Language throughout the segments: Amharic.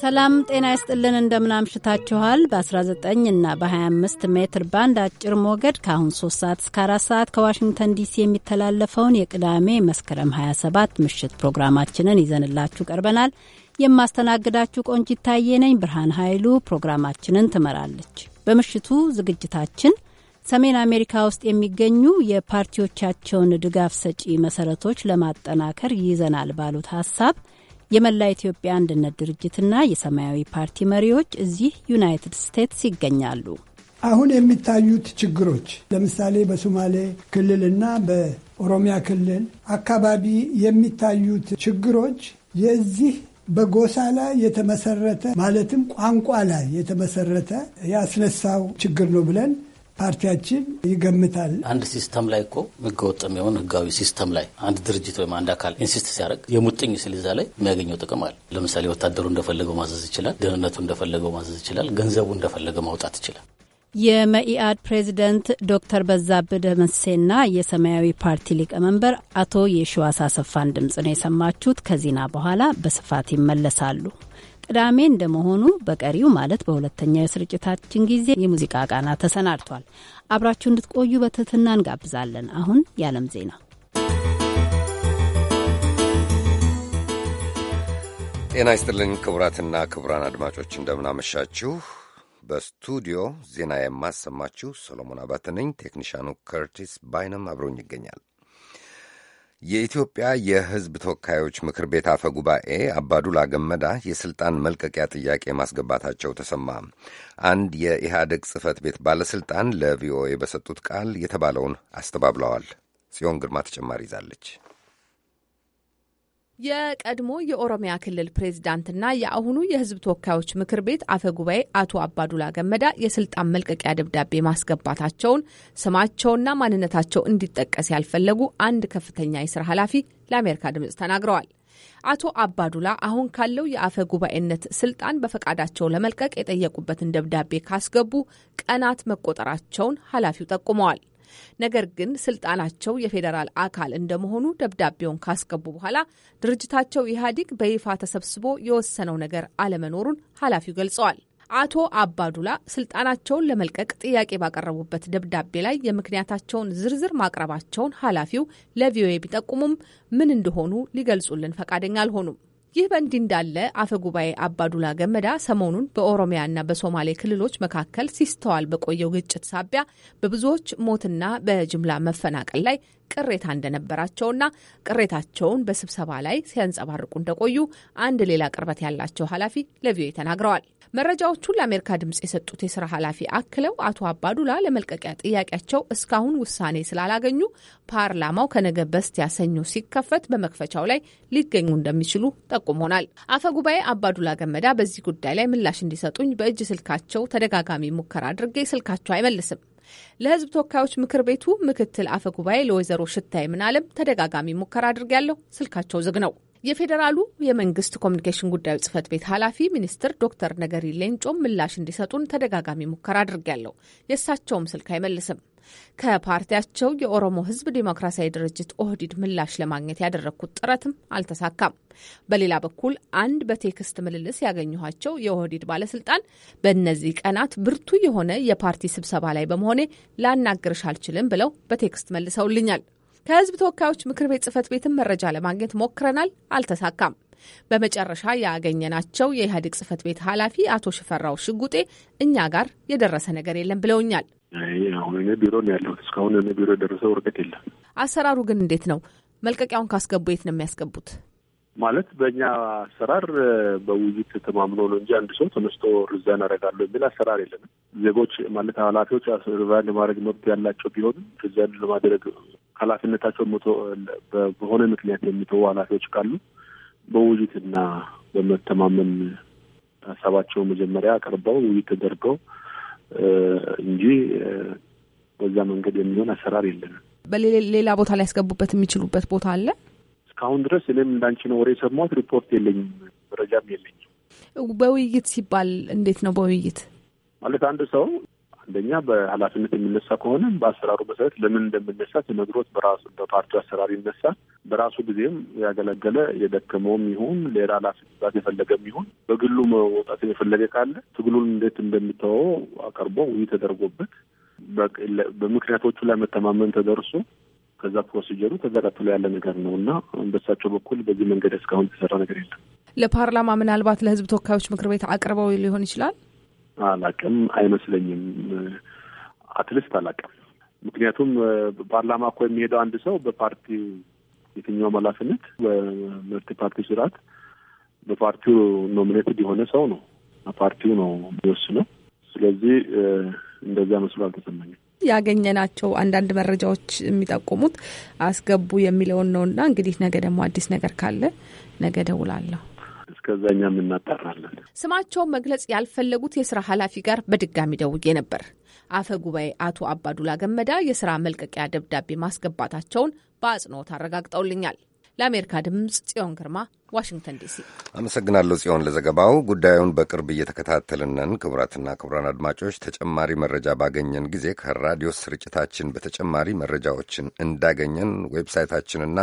ሰላም ጤና ይስጥልን። እንደምናምሽታችኋል። በ19 እና በ25 ሜትር ባንድ አጭር ሞገድ ከአሁን 3 ሰዓት እስከ 4 ሰዓት ከዋሽንግተን ዲሲ የሚተላለፈውን የቅዳሜ መስከረም 27 ምሽት ፕሮግራማችንን ይዘንላችሁ ቀርበናል። የማስተናግዳችሁ ቆንጂት ታዬ ነኝ። ብርሃን ኃይሉ ፕሮግራማችንን ትመራለች። በምሽቱ ዝግጅታችን ሰሜን አሜሪካ ውስጥ የሚገኙ የፓርቲዎቻቸውን ድጋፍ ሰጪ መሰረቶች ለማጠናከር ይዘናል ባሉት ሀሳብ የመላ ኢትዮጵያ አንድነት ድርጅትና የሰማያዊ ፓርቲ መሪዎች እዚህ ዩናይትድ ስቴትስ ይገኛሉ። አሁን የሚታዩት ችግሮች ለምሳሌ በሶማሌ ክልልና በኦሮሚያ ክልል አካባቢ የሚታዩት ችግሮች የዚህ በጎሳ ላይ የተመሰረተ ማለትም ቋንቋ ላይ የተመሰረተ ያስነሳው ችግር ነው ብለን ፓርቲያችን ይገምታል። አንድ ሲስተም ላይ እኮ ህገወጥ የሚሆን ህጋዊ ሲስተም ላይ አንድ ድርጅት ወይም አንድ አካል ኢንሲስት ሲያደርግ የሙጥኝ ስሊዛ ላይ የሚያገኘው ጥቅም አለ። ለምሳሌ ወታደሩ እንደፈለገው ማዘዝ ይችላል። ደህንነቱ እንደፈለገው ማዘዝ ይችላል። ገንዘቡ እንደፈለገ ማውጣት ይችላል። የመኢአድ ፕሬዚደንት ዶክተር በዛብህ ደመሴና የሰማያዊ ፓርቲ ሊቀመንበር አቶ የሸዋሳ አሰፋን ድምጽ ነው የሰማችሁት። ከዜና በኋላ በስፋት ይመለሳሉ። ቅዳሜ እንደመሆኑ በቀሪው ማለት በሁለተኛ የስርጭታችን ጊዜ የሙዚቃ ቃና ተሰናድቷል። አብራችሁ እንድትቆዩ በትህትና እንጋብዛለን። አሁን የዓለም ዜና ጤና ይስጥልኝ ክቡራትና ክቡራን አድማጮች እንደምናመሻችሁ። በስቱዲዮ ዜና የማሰማችሁ ሰሎሞን አባተ ነኝ። ቴክኒሻኑ ከርቲስ ባይነም አብሮኝ ይገኛል። የኢትዮጵያ የሕዝብ ተወካዮች ምክር ቤት አፈ ጉባኤ አባዱላ ገመዳ የስልጣን መልቀቂያ ጥያቄ ማስገባታቸው ተሰማ። አንድ የኢህአደግ ጽህፈት ቤት ባለሥልጣን ለቪኦኤ በሰጡት ቃል የተባለውን አስተባብለዋል። ጽዮን ግርማ ተጨማሪ ይዛለች። የቀድሞ የኦሮሚያ ክልል ፕሬዝዳንትና የአሁኑ የሕዝብ ተወካዮች ምክር ቤት አፈ ጉባኤ አቶ አባዱላ ገመዳ የስልጣን መልቀቂያ ደብዳቤ ማስገባታቸውን ስማቸውና ማንነታቸው እንዲጠቀስ ያልፈለጉ አንድ ከፍተኛ የስራ ኃላፊ ለአሜሪካ ድምጽ ተናግረዋል። አቶ አባዱላ አሁን ካለው የአፈ ጉባኤነት ስልጣን በፈቃዳቸው ለመልቀቅ የጠየቁበትን ደብዳቤ ካስገቡ ቀናት መቆጠራቸውን ኃላፊው ጠቁመዋል። ነገር ግን ስልጣናቸው የፌዴራል አካል እንደመሆኑ ደብዳቤውን ካስገቡ በኋላ ድርጅታቸው ኢህአዲግ በይፋ ተሰብስቦ የወሰነው ነገር አለመኖሩን ኃላፊው ገልጸዋል። አቶ አባዱላ ስልጣናቸውን ለመልቀቅ ጥያቄ ባቀረቡበት ደብዳቤ ላይ የምክንያታቸውን ዝርዝር ማቅረባቸውን ኃላፊው ለቪኦኤ ቢጠቁሙም ምን እንደሆኑ ሊገልጹልን ፈቃደኛ አልሆኑም። ይህ በእንዲህ እንዳለ አፈ ጉባኤ አባዱላ ገመዳ ሰሞኑን በኦሮሚያና በሶማሌ ክልሎች መካከል ሲስተዋል በቆየው ግጭት ሳቢያ በብዙዎች ሞትና በጅምላ መፈናቀል ላይ ቅሬታ እንደነበራቸውና ቅሬታቸውን በስብሰባ ላይ ሲያንጸባርቁ እንደቆዩ አንድ ሌላ ቅርበት ያላቸው ኃላፊ ለቪኦኤ ተናግረዋል። መረጃዎቹን ለአሜሪካ ድምጽ የሰጡት የስራ ኃላፊ አክለው አቶ አባዱላ ለመልቀቂያ ጥያቄያቸው እስካሁን ውሳኔ ስላላገኙ ፓርላማው ከነገ በስቲያ ሰኞ ሲከፈት በመክፈቻው ላይ ሊገኙ እንደሚችሉ ጠቁሞናል። አፈ ጉባኤ አባዱላ ገመዳ በዚህ ጉዳይ ላይ ምላሽ እንዲሰጡኝ በእጅ ስልካቸው ተደጋጋሚ ሙከራ አድርጌ ስልካቸው አይመልስም። ለህዝብ ተወካዮች ምክር ቤቱ ምክትል አፈ ጉባኤ ለወይዘሮ ሽታይ ምናለም ተደጋጋሚ ሙከራ አድርጌያለሁ። ስልካቸው ዝግ ነው። የፌዴራሉ የመንግስት ኮሚኒኬሽን ጉዳዮች ጽህፈት ቤት ኃላፊ ሚኒስትር ዶክተር ነገሪ ሌንጮም ምላሽ እንዲሰጡን ተደጋጋሚ ሙከራ አድርጌያለሁ። የእሳቸውም ስልክ አይመልስም። ከፓርቲያቸው የኦሮሞ ህዝብ ዴሞክራሲያዊ ድርጅት ኦህዲድ ምላሽ ለማግኘት ያደረግኩት ጥረትም አልተሳካም። በሌላ በኩል አንድ በቴክስት ምልልስ ያገኘኋቸው የኦህዲድ ባለስልጣን በእነዚህ ቀናት ብርቱ የሆነ የፓርቲ ስብሰባ ላይ በመሆኔ ላናግርሽ አልችልም ብለው በቴክስት መልሰውልኛል። ከህዝብ ተወካዮች ምክር ቤት ጽህፈት ቤትም መረጃ ለማግኘት ሞክረናል፣ አልተሳካም። በመጨረሻ ያገኘናቸው የኢህአዴግ ጽህፈት ቤት ኃላፊ አቶ ሽፈራው ሽጉጤ እኛ ጋር የደረሰ ነገር የለም ብለውኛል። እኔ ቢሮ ነው ያለሁት። እስካሁን እኔ ቢሮ የደረሰው ወረቀት የለም። አሰራሩ ግን እንዴት ነው? መልቀቂያውን ካስገቡ የት ነው የሚያስገቡት? ማለት በእኛ አሰራር በውይይት ተማምኖ ነው እንጂ አንድ ሰው ተነስቶ ርዛን አደርጋለሁ የሚል አሰራር የለንም። ዜጎች ማለት ኃላፊዎች ርዛን ለማድረግ መብት ያላቸው ቢሆንም ርዛን ለማድረግ ኃላፊነታቸው በሆነ ምክንያት የሚተዉ ኃላፊዎች ካሉ በውይይትና በመተማመን ሀሳባቸው መጀመሪያ አቅርበው ውይይት ተደርገው እንጂ በዛ መንገድ የሚሆን አሰራር የለንም። በሌላ ቦታ ላይ ያስገቡበት የሚችሉበት ቦታ አለ። እስካሁን ድረስ እኔም እንዳንቺ ነው ወሬ የሰማሁት። ሪፖርት የለኝም፣ መረጃም የለኝም። በውይይት ሲባል እንዴት ነው? በውይይት ማለት አንድ ሰው አንደኛ በኃላፊነት የሚነሳ ከሆነ በአሰራሩ መሰረት ለምን እንደምነሳ ሲነግሮት በራሱ በፓርቲው አሰራር ይነሳል። በራሱ ጊዜም ያገለገለ የደከመውም ይሁን ሌላ ኃላፊነት የፈለገም ይሁን በግሉ መውጣት የፈለገ ካለ ትግሉን እንዴት እንደሚተወው አቀርቦ ውይይት ተደርጎበት በምክንያቶቹ ላይ መተማመን ተደርሶ ከዛ ፕሮሲጀሩ ከዛ ቀጥሎ ያለ ነገር ነው እና በሳቸው በኩል በዚህ መንገድ እስካሁን የተሰራ ነገር የለም። ለፓርላማ ምናልባት ለህዝብ ተወካዮች ምክር ቤት አቅርበው ሊሆን ይችላል። አላቅም፣ አይመስለኝም። አትልስት አላቅም። ምክንያቱም ፓርላማ እኮ የሚሄደው አንድ ሰው በፓርቲው የትኛውም ኃላፊነት በመርት ፓርቲ ስርዓት በፓርቲው ኖሚኔትድ የሆነ ሰው ነው፣ ፓርቲው ነው የሚወስነው። ስለዚህ እንደዚያ መስሎ አልተሰማኝም። ያገኘናቸው አንዳንድ መረጃዎች የሚጠቁሙት አስገቡ የሚለውን ነው። እና እንግዲህ ነገ ደግሞ አዲስ ነገር ካለ ነገ ደውላለሁ። እስከዛኛም እናጠራለን። ስማቸውን መግለጽ ያልፈለጉት የስራ ኃላፊ ጋር በድጋሚ ደውዬ ነበር። አፈ ጉባኤ አቶ አባዱላ ገመዳ የስራ መልቀቂያ ደብዳቤ ማስገባታቸውን በአጽንኦት አረጋግጠውልኛል። ለአሜሪካ ድምፅ ጽዮን ግርማ ዋሽንግተን ዲሲ። አመሰግናለሁ ጽዮን ለዘገባው። ጉዳዩን በቅርብ እየተከታተልነን። ክቡራትና ክቡራን አድማጮች ተጨማሪ መረጃ ባገኘን ጊዜ ከራዲዮ ስርጭታችን በተጨማሪ መረጃዎችን እንዳገኘን ዌብሳይታችንና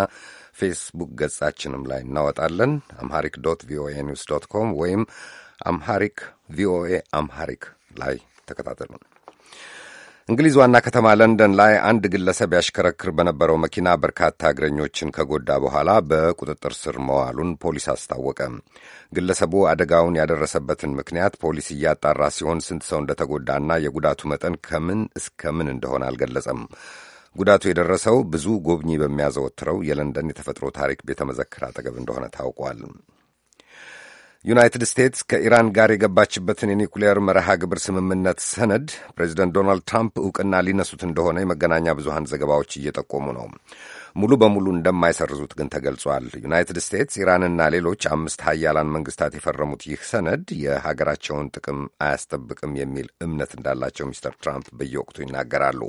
ፌስቡክ ገጻችንም ላይ እናወጣለን። አምሃሪክ ዶት ቪኦኤ ኒውስ ዶት ኮም ወይም አምሃሪክ ቪኦኤ አምሃሪክ ላይ ተከታተሉን። እንግሊዝ ዋና ከተማ ለንደን ላይ አንድ ግለሰብ ያሽከረክር በነበረው መኪና በርካታ እግረኞችን ከጎዳ በኋላ በቁጥጥር ስር መዋሉን ፖሊስ አስታወቀ። ግለሰቡ አደጋውን ያደረሰበትን ምክንያት ፖሊስ እያጣራ ሲሆን ስንት ሰው እንደተጎዳና የጉዳቱ መጠን ከምን እስከ ምን እንደሆነ አልገለጸም። ጉዳቱ የደረሰው ብዙ ጎብኚ በሚያዘወትረው የለንደን የተፈጥሮ ታሪክ ቤተ መዘክር አጠገብ እንደሆነ ታውቋል። ዩናይትድ ስቴትስ ከኢራን ጋር የገባችበትን የኒውክሌር መርሃ ግብር ስምምነት ሰነድ ፕሬዚደንት ዶናልድ ትራምፕ እውቅና ሊነሱት እንደሆነ የመገናኛ ብዙሃን ዘገባዎች እየጠቆሙ ነው። ሙሉ በሙሉ እንደማይሰርዙት ግን ተገልጿል። ዩናይትድ ስቴትስ ኢራንና ሌሎች አምስት ሀያላን መንግስታት የፈረሙት ይህ ሰነድ የሀገራቸውን ጥቅም አያስጠብቅም የሚል እምነት እንዳላቸው ሚስተር ትራምፕ በየወቅቱ ይናገራሉ።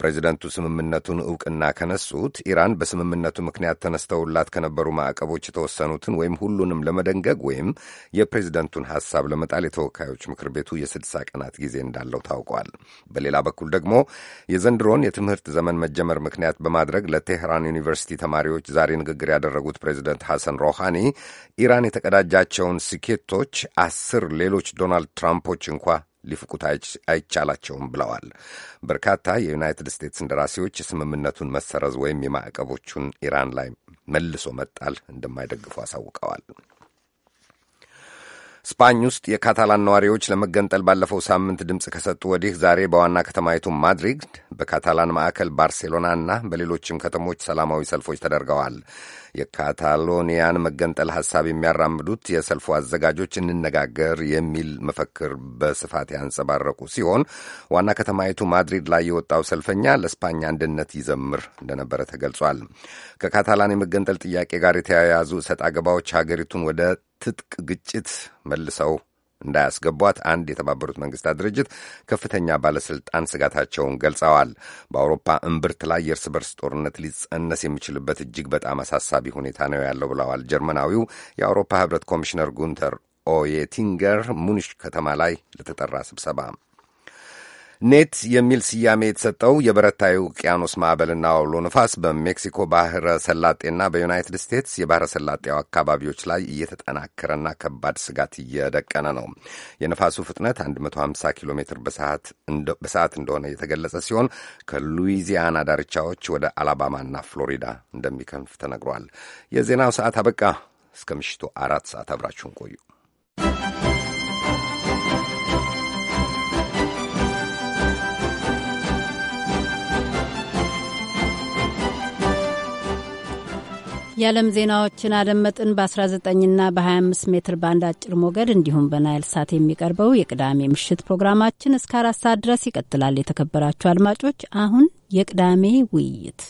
ፕሬዚደንቱ ስምምነቱን እውቅና ከነሱት ኢራን በስምምነቱ ምክንያት ተነስተውላት ከነበሩ ማዕቀቦች የተወሰኑትን ወይም ሁሉንም ለመደንገግ ወይም የፕሬዚደንቱን ሐሳብ ለመጣል የተወካዮች ምክር ቤቱ የስድሳ ቀናት ጊዜ እንዳለው ታውቋል። በሌላ በኩል ደግሞ የዘንድሮን የትምህርት ዘመን መጀመር ምክንያት በማድረግ ለቴህራን ዩኒቨርሲቲ ተማሪዎች ዛሬ ንግግር ያደረጉት ፕሬዚደንት ሐሰን ሮሃኒ ኢራን የተቀዳጃቸውን ስኬቶች አስር ሌሎች ዶናልድ ትራምፖች እንኳ ሊፍቁት አይቻላቸውም ብለዋል። በርካታ የዩናይትድ ስቴትስ እንደራሴዎች የስምምነቱን መሰረዝ ወይም የማዕቀቦቹን ኢራን ላይ መልሶ መጣል እንደማይደግፉ አሳውቀዋል። ስፓኝ ውስጥ የካታላን ነዋሪዎች ለመገንጠል ባለፈው ሳምንት ድምፅ ከሰጡ ወዲህ ዛሬ በዋና ከተማይቱ ማድሪድ፣ በካታላን ማዕከል ባርሴሎና እና በሌሎችም ከተሞች ሰላማዊ ሰልፎች ተደርገዋል። የካታሎኒያን መገንጠል ሐሳብ የሚያራምዱት የሰልፉ አዘጋጆች እንነጋገር የሚል መፈክር በስፋት ያንጸባረቁ ሲሆን ዋና ከተማይቱ ማድሪድ ላይ የወጣው ሰልፈኛ ለስፓኝ አንድነት ይዘምር እንደነበረ ተገልጿል። ከካታላን የመገንጠል ጥያቄ ጋር የተያያዙ እሰጥ አገባዎች ሀገሪቱን ወደ ትጥቅ ግጭት መልሰው እንዳያስገቧት አንድ የተባበሩት መንግስታት ድርጅት ከፍተኛ ባለሥልጣን ስጋታቸውን ገልጸዋል። በአውሮፓ እምብርት ላይ የእርስ በርስ ጦርነት ሊጸነስ የሚችልበት እጅግ በጣም አሳሳቢ ሁኔታ ነው ያለው ብለዋል። ጀርመናዊው የአውሮፓ ህብረት ኮሚሽነር ጉንተር ኦየቲንገር ሙኒሽ ከተማ ላይ ለተጠራ ስብሰባ ኔት የሚል ስያሜ የተሰጠው የበረታ ውቅያኖስ ማዕበልና አውሎ ንፋስ በሜክሲኮ ባህረ ሰላጤና በዩናይትድ ስቴትስ የባህረ ሰላጤው አካባቢዎች ላይ እየተጠናከረና ከባድ ስጋት እየደቀነ ነው። የንፋሱ ፍጥነት 150 ኪሎ ሜትር በሰዓት እንደሆነ የተገለጸ ሲሆን ከሉዊዚያና ዳርቻዎች ወደ አላባማና ፍሎሪዳ እንደሚከንፍ ተነግሯል። የዜናው ሰዓት አበቃ። እስከ ምሽቱ አራት ሰዓት አብራችሁን ቆዩ። የዓለም ዜናዎችን አደመጥን። በ19ና በ25 ሜትር ባንድ አጭር ሞገድ እንዲሁም በናይል ሳት የሚቀርበው የቅዳሜ ምሽት ፕሮግራማችን እስከ አራት ሰዓት ድረስ ይቀጥላል። የተከበራችሁ አድማጮች፣ አሁን የቅዳሜ ውይይት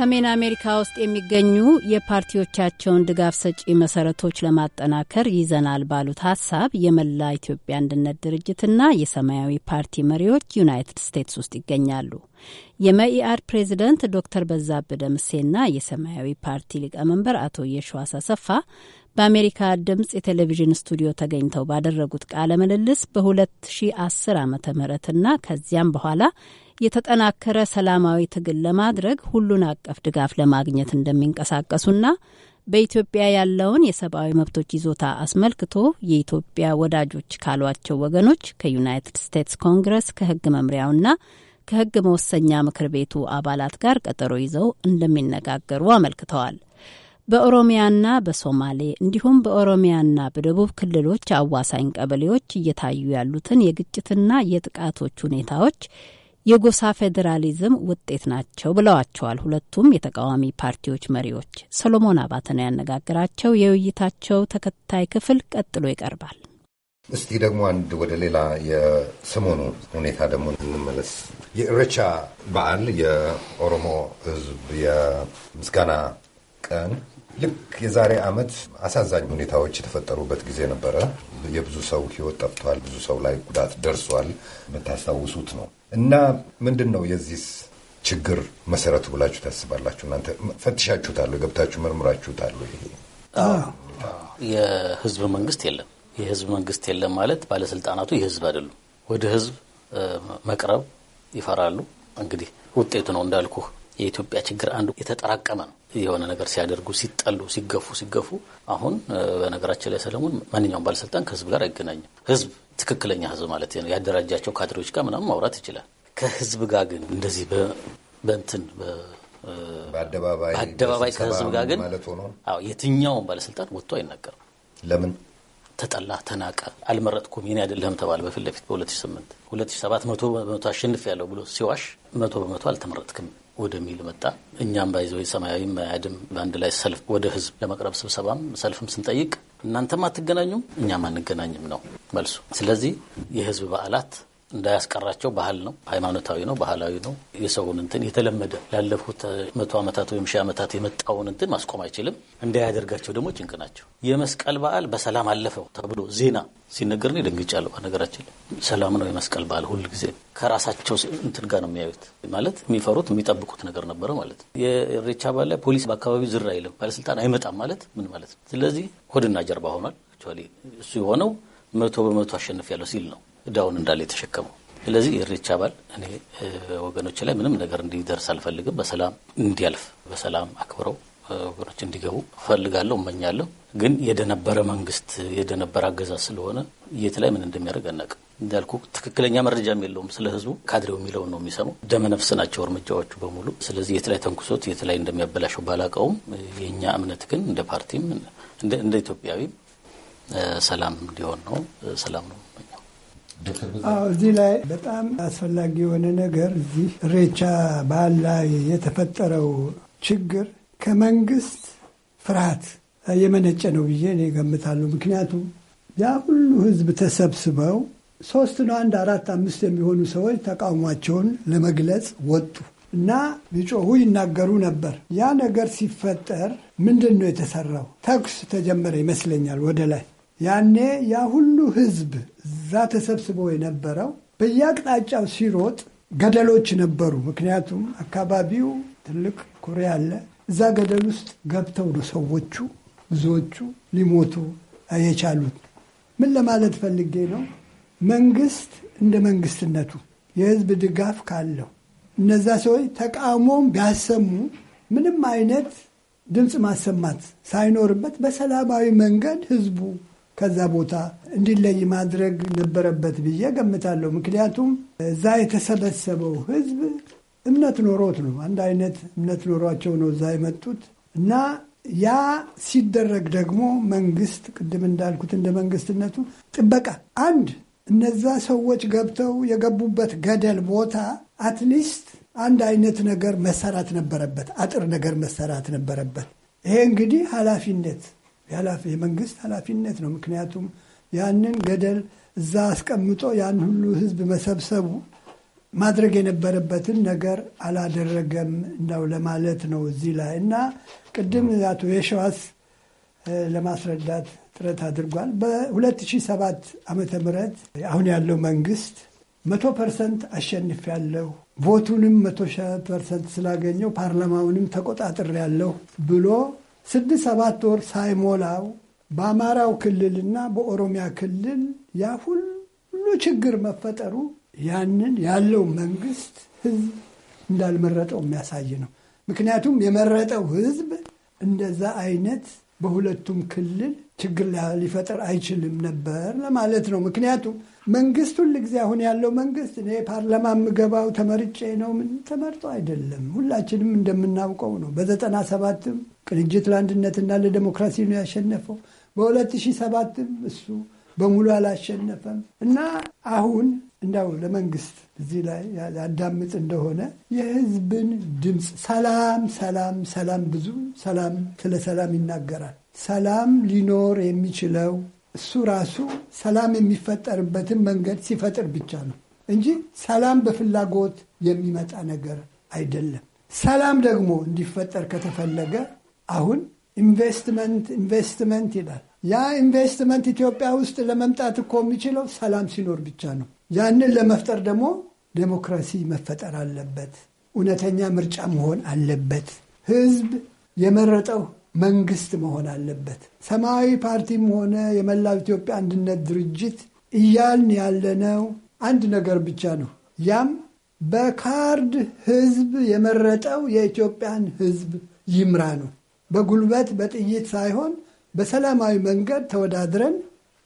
ሰሜን አሜሪካ ውስጥ የሚገኙ የፓርቲዎቻቸውን ድጋፍ ሰጪ መሰረቶች ለማጠናከር ይዘናል ባሉት ሀሳብ የመላ ኢትዮጵያ አንድነት ድርጅትና የሰማያዊ ፓርቲ መሪዎች ዩናይትድ ስቴትስ ውስጥ ይገኛሉ። የመኢአድ ፕሬዚደንት ዶክተር በዛብህ ደምሴና የሰማያዊ ፓርቲ ሊቀመንበር አቶ የሸዋስ አሰፋ በአሜሪካ ድምፅ የቴሌቪዥን ስቱዲዮ ተገኝተው ባደረጉት ቃለ ምልልስ በ2010 ዓ.ም እና ከዚያም በኋላ የተጠናከረ ሰላማዊ ትግል ለማድረግ ሁሉን አቀፍ ድጋፍ ለማግኘት እንደሚንቀሳቀሱና በኢትዮጵያ ያለውን የሰብአዊ መብቶች ይዞታ አስመልክቶ የኢትዮጵያ ወዳጆች ካሏቸው ወገኖች ከዩናይትድ ስቴትስ ኮንግረስ ከህግ መምሪያውና ከህግ መወሰኛ ምክር ቤቱ አባላት ጋር ቀጠሮ ይዘው እንደሚነጋገሩ አመልክተዋል። በኦሮሚያና በሶማሌ እንዲሁም በኦሮሚያና በደቡብ ክልሎች አዋሳኝ ቀበሌዎች እየታዩ ያሉትን የግጭትና የጥቃቶች ሁኔታዎች የጎሳ ፌዴራሊዝም ውጤት ናቸው ብለዋቸዋል። ሁለቱም የተቃዋሚ ፓርቲዎች መሪዎች ሰሎሞን አባተ ነው ያነጋግራቸው። የውይይታቸው ተከታይ ክፍል ቀጥሎ ይቀርባል። እስቲ ደግሞ አንድ ወደ ሌላ የሰሞኑ ሁኔታ ደግሞ እንመለስ። የእረቻ በዓል የኦሮሞ ሕዝብ የምስጋና ቀን ልክ የዛሬ ዓመት አሳዛኝ ሁኔታዎች የተፈጠሩበት ጊዜ ነበረ። የብዙ ሰው ሕይወት ጠፍቷል። ብዙ ሰው ላይ ጉዳት ደርሷል። የምታስታውሱት ነው። እና ምንድን ነው የዚህ ችግር መሰረቱ ብላችሁ ታስባላችሁ? እናንተ ፈትሻችሁታለ ገብታችሁ መርምራችሁታል? ይሄ የህዝብ መንግስት የለም። የህዝብ መንግስት የለም ማለት ባለስልጣናቱ የህዝብ አይደሉም። ወደ ህዝብ መቅረብ ይፈራሉ። እንግዲህ ውጤቱ ነው እንዳልኩ የኢትዮጵያ ችግር አንዱ የተጠራቀመ ነው። የሆነ ነገር ሲያደርጉ ሲጠሉ፣ ሲገፉ ሲገፉ አሁን በነገራችን ላይ ሰለሞን፣ ማንኛውም ባለስልጣን ከህዝብ ጋር አይገናኝም። ህዝብ ትክክለኛ ህዝብ ማለት ነው ያደራጃቸው ካድሬዎች ጋር ምናምን ማውራት ይችላል። ከህዝብ ጋር ግን እንደዚህ በእንትን በአደባባይ ከህዝብ ጋር ግን የትኛውን ባለስልጣን ወጥቶ አይናገርም። ለምን ተጠላ፣ ተናቀ፣ አልመረጥኩም፣ የኔ አይደለህም ተባለ። በፊት ለፊት በ2008 2007 መቶ በመቶ አሸንፍ ያለው ብሎ ሲዋሽ መቶ በመቶ አልተመረጥክም ወደሚል መጣ። እኛም ባይዘው ሰማያዊም መያድም በአንድ ላይ ሰልፍ ወደ ህዝብ ለመቅረብ ስብሰባም ሰልፍም ስንጠይቅ እናንተም አትገናኙም እኛም አንገናኝም ነው መልሱ። ስለዚህ የህዝብ በዓላት እንዳያስቀራቸው ባህል ነው፣ ሃይማኖታዊ ነው፣ ባህላዊ ነው። የሰውን እንትን የተለመደ ላለፉት መቶ ዓመታት ወይም ሺህ ዓመታት የመጣውን እንትን ማስቆም አይችልም። እንዳያደርጋቸው ደግሞ ጭንቅ ናቸው። የመስቀል በዓል በሰላም አለፈው ተብሎ ዜና ሲነገር እኔ ደንግጫለሁ። በነገራችን ሰላም ነው የመስቀል በዓል ጊዜ ከራሳቸው እንትን ጋር ነው የሚያዩት። ማለት የሚፈሩት የሚጠብቁት ነገር ነበረ ማለት ነው። የኢሬቻ በዓል ላይ ፖሊስ በአካባቢው ዝር አይልም፣ ባለስልጣን አይመጣም ማለት ምን ማለት ነው? ስለዚህ ሆድና ጀርባ ሆኗል። እሱ የሆነው መቶ በመቶ አሸንፍ ያለው ሲል ነው እዳውን እንዳለ የተሸከመው። ስለዚህ የኢሬቻ በዓል እኔ ወገኖች ላይ ምንም ነገር እንዲደርስ አልፈልግም። በሰላም እንዲያልፍ በሰላም አክብረው ወገኖች እንዲገቡ እፈልጋለሁ፣ እመኛለሁ። ግን የደነበረ መንግስት የደነበረ አገዛዝ ስለሆነ የት ላይ ምን እንደሚያደርግ አናውቅም። እንዳልኩ ትክክለኛ መረጃም የለውም። ስለ ህዝቡ ካድሬው የሚለው ነው የሚሰማው። ደመነፍስ ናቸው እርምጃዎቹ በሙሉ። ስለዚህ የት ላይ ተንኩሶት የት ላይ እንደሚያበላሸው ባላቀውም የእኛ እምነት ግን እንደ ፓርቲም እንደ ኢትዮጵያዊም ሰላም እንዲሆን ነው። ሰላም ነው እዚህ ላይ በጣም አስፈላጊ የሆነ ነገር እዚህ ሬቻ ባህል ላይ የተፈጠረው ችግር ከመንግስት ፍርሃት የመነጨ ነው ብዬ እኔ ይገምታሉ ምክንያቱም ያ ሁሉ ህዝብ ተሰብስበው ሶስት ነው አንድ አራት አምስት የሚሆኑ ሰዎች ተቃውሟቸውን ለመግለጽ ወጡ እና ቢጮሁ ይናገሩ ነበር። ያ ነገር ሲፈጠር ምንድን ነው የተሰራው? ተኩስ ተጀመረ ይመስለኛል ወደ ላይ። ያኔ ያ ሁሉ ህዝብ እዛ ተሰብስቦ የነበረው በየአቅጣጫው ሲሮጥ ገደሎች ነበሩ። ምክንያቱም አካባቢው ትልቅ ኩሬ አለ። እዛ ገደል ውስጥ ገብተው ነው ሰዎቹ ብዙዎቹ ሊሞቱ የቻሉት። ምን ለማለት ፈልጌ ነው? መንግስት እንደ መንግስትነቱ የህዝብ ድጋፍ ካለው እነዛ ሰዎች ተቃውሞም ቢያሰሙ ምንም አይነት ድምፅ ማሰማት ሳይኖርበት በሰላማዊ መንገድ ህዝቡ ከዛ ቦታ እንዲለይ ማድረግ ነበረበት ብዬ ገምታለሁ። ምክንያቱም እዛ የተሰበሰበው ህዝብ እምነት ኖሮት ነው። አንድ አይነት እምነት ኖሯቸው ነው እዛ የመጡት እና ያ ሲደረግ ደግሞ መንግስት ቅድም እንዳልኩት እንደ መንግስትነቱ ጥበቃ አንድ እነዛ ሰዎች ገብተው የገቡበት ገደል ቦታ አትሊስት አንድ አይነት ነገር መሰራት ነበረበት፣ አጥር ነገር መሰራት ነበረበት። ይሄ እንግዲህ ኃላፊነት የመንግስት ኃላፊነት ነው። ምክንያቱም ያንን ገደል እዛ አስቀምጦ ያን ሁሉ ህዝብ መሰብሰቡ ማድረግ የነበረበትን ነገር አላደረገም ነው ለማለት ነው እዚህ ላይ እና ቅድም አቶ የሸዋስ ለማስረዳት ጥረት አድርጓል። በ2007 ዓ ም አሁን ያለው መንግስት መቶ ፐርሰንት አሸንፍ ያለሁ ቮቱንም መቶ ፐርሰንት ስላገኘው ፓርላማውንም ተቆጣጥር ያለሁ ብሎ ስድስት ሰባት ወር ሳይሞላው በአማራው ክልልና በኦሮሚያ ክልል ያ ሁሉ ችግር መፈጠሩ ያንን ያለው መንግስት ህዝብ እንዳልመረጠው የሚያሳይ ነው። ምክንያቱም የመረጠው ህዝብ እንደዛ አይነት በሁለቱም ክልል ችግር ሊፈጥር አይችልም ነበር ለማለት ነው። ምክንያቱም መንግስት ሁልጊዜ አሁን ያለው መንግስት እኔ ፓርላማ የምገባው ተመርጬ ነው። ምን ተመርጦ አይደለም። ሁላችንም እንደምናውቀው ነው። በዘጠና ሰባትም ቅንጅት ለአንድነትና ለዴሞክራሲ ነው ያሸነፈው። በሁለት ሺህ ሰባትም እሱ በሙሉ አላሸነፈም እና አሁን እንዳው ለመንግስት እዚህ ላይ ያዳምጥ እንደሆነ የህዝብን ድምፅ ሰላም፣ ሰላም፣ ሰላም ብዙ ሰላም ስለ ሰላም ይናገራል ሰላም ሊኖር የሚችለው እሱ ራሱ ሰላም የሚፈጠርበትን መንገድ ሲፈጥር ብቻ ነው እንጂ ሰላም በፍላጎት የሚመጣ ነገር አይደለም። ሰላም ደግሞ እንዲፈጠር ከተፈለገ አሁን ኢንቨስትመንት ኢንቨስትመንት ይላል። ያ ኢንቨስትመንት ኢትዮጵያ ውስጥ ለመምጣት እኮ የሚችለው ሰላም ሲኖር ብቻ ነው። ያንን ለመፍጠር ደግሞ ዴሞክራሲ መፈጠር አለበት። እውነተኛ ምርጫ መሆን አለበት። ህዝብ የመረጠው መንግስት መሆን አለበት። ሰማያዊ ፓርቲም ሆነ የመላው ኢትዮጵያ አንድነት ድርጅት እያልን ያለነው አንድ ነገር ብቻ ነው። ያም በካርድ ህዝብ የመረጠው የኢትዮጵያን ህዝብ ይምራ ነው። በጉልበት በጥይት ሳይሆን በሰላማዊ መንገድ ተወዳድረን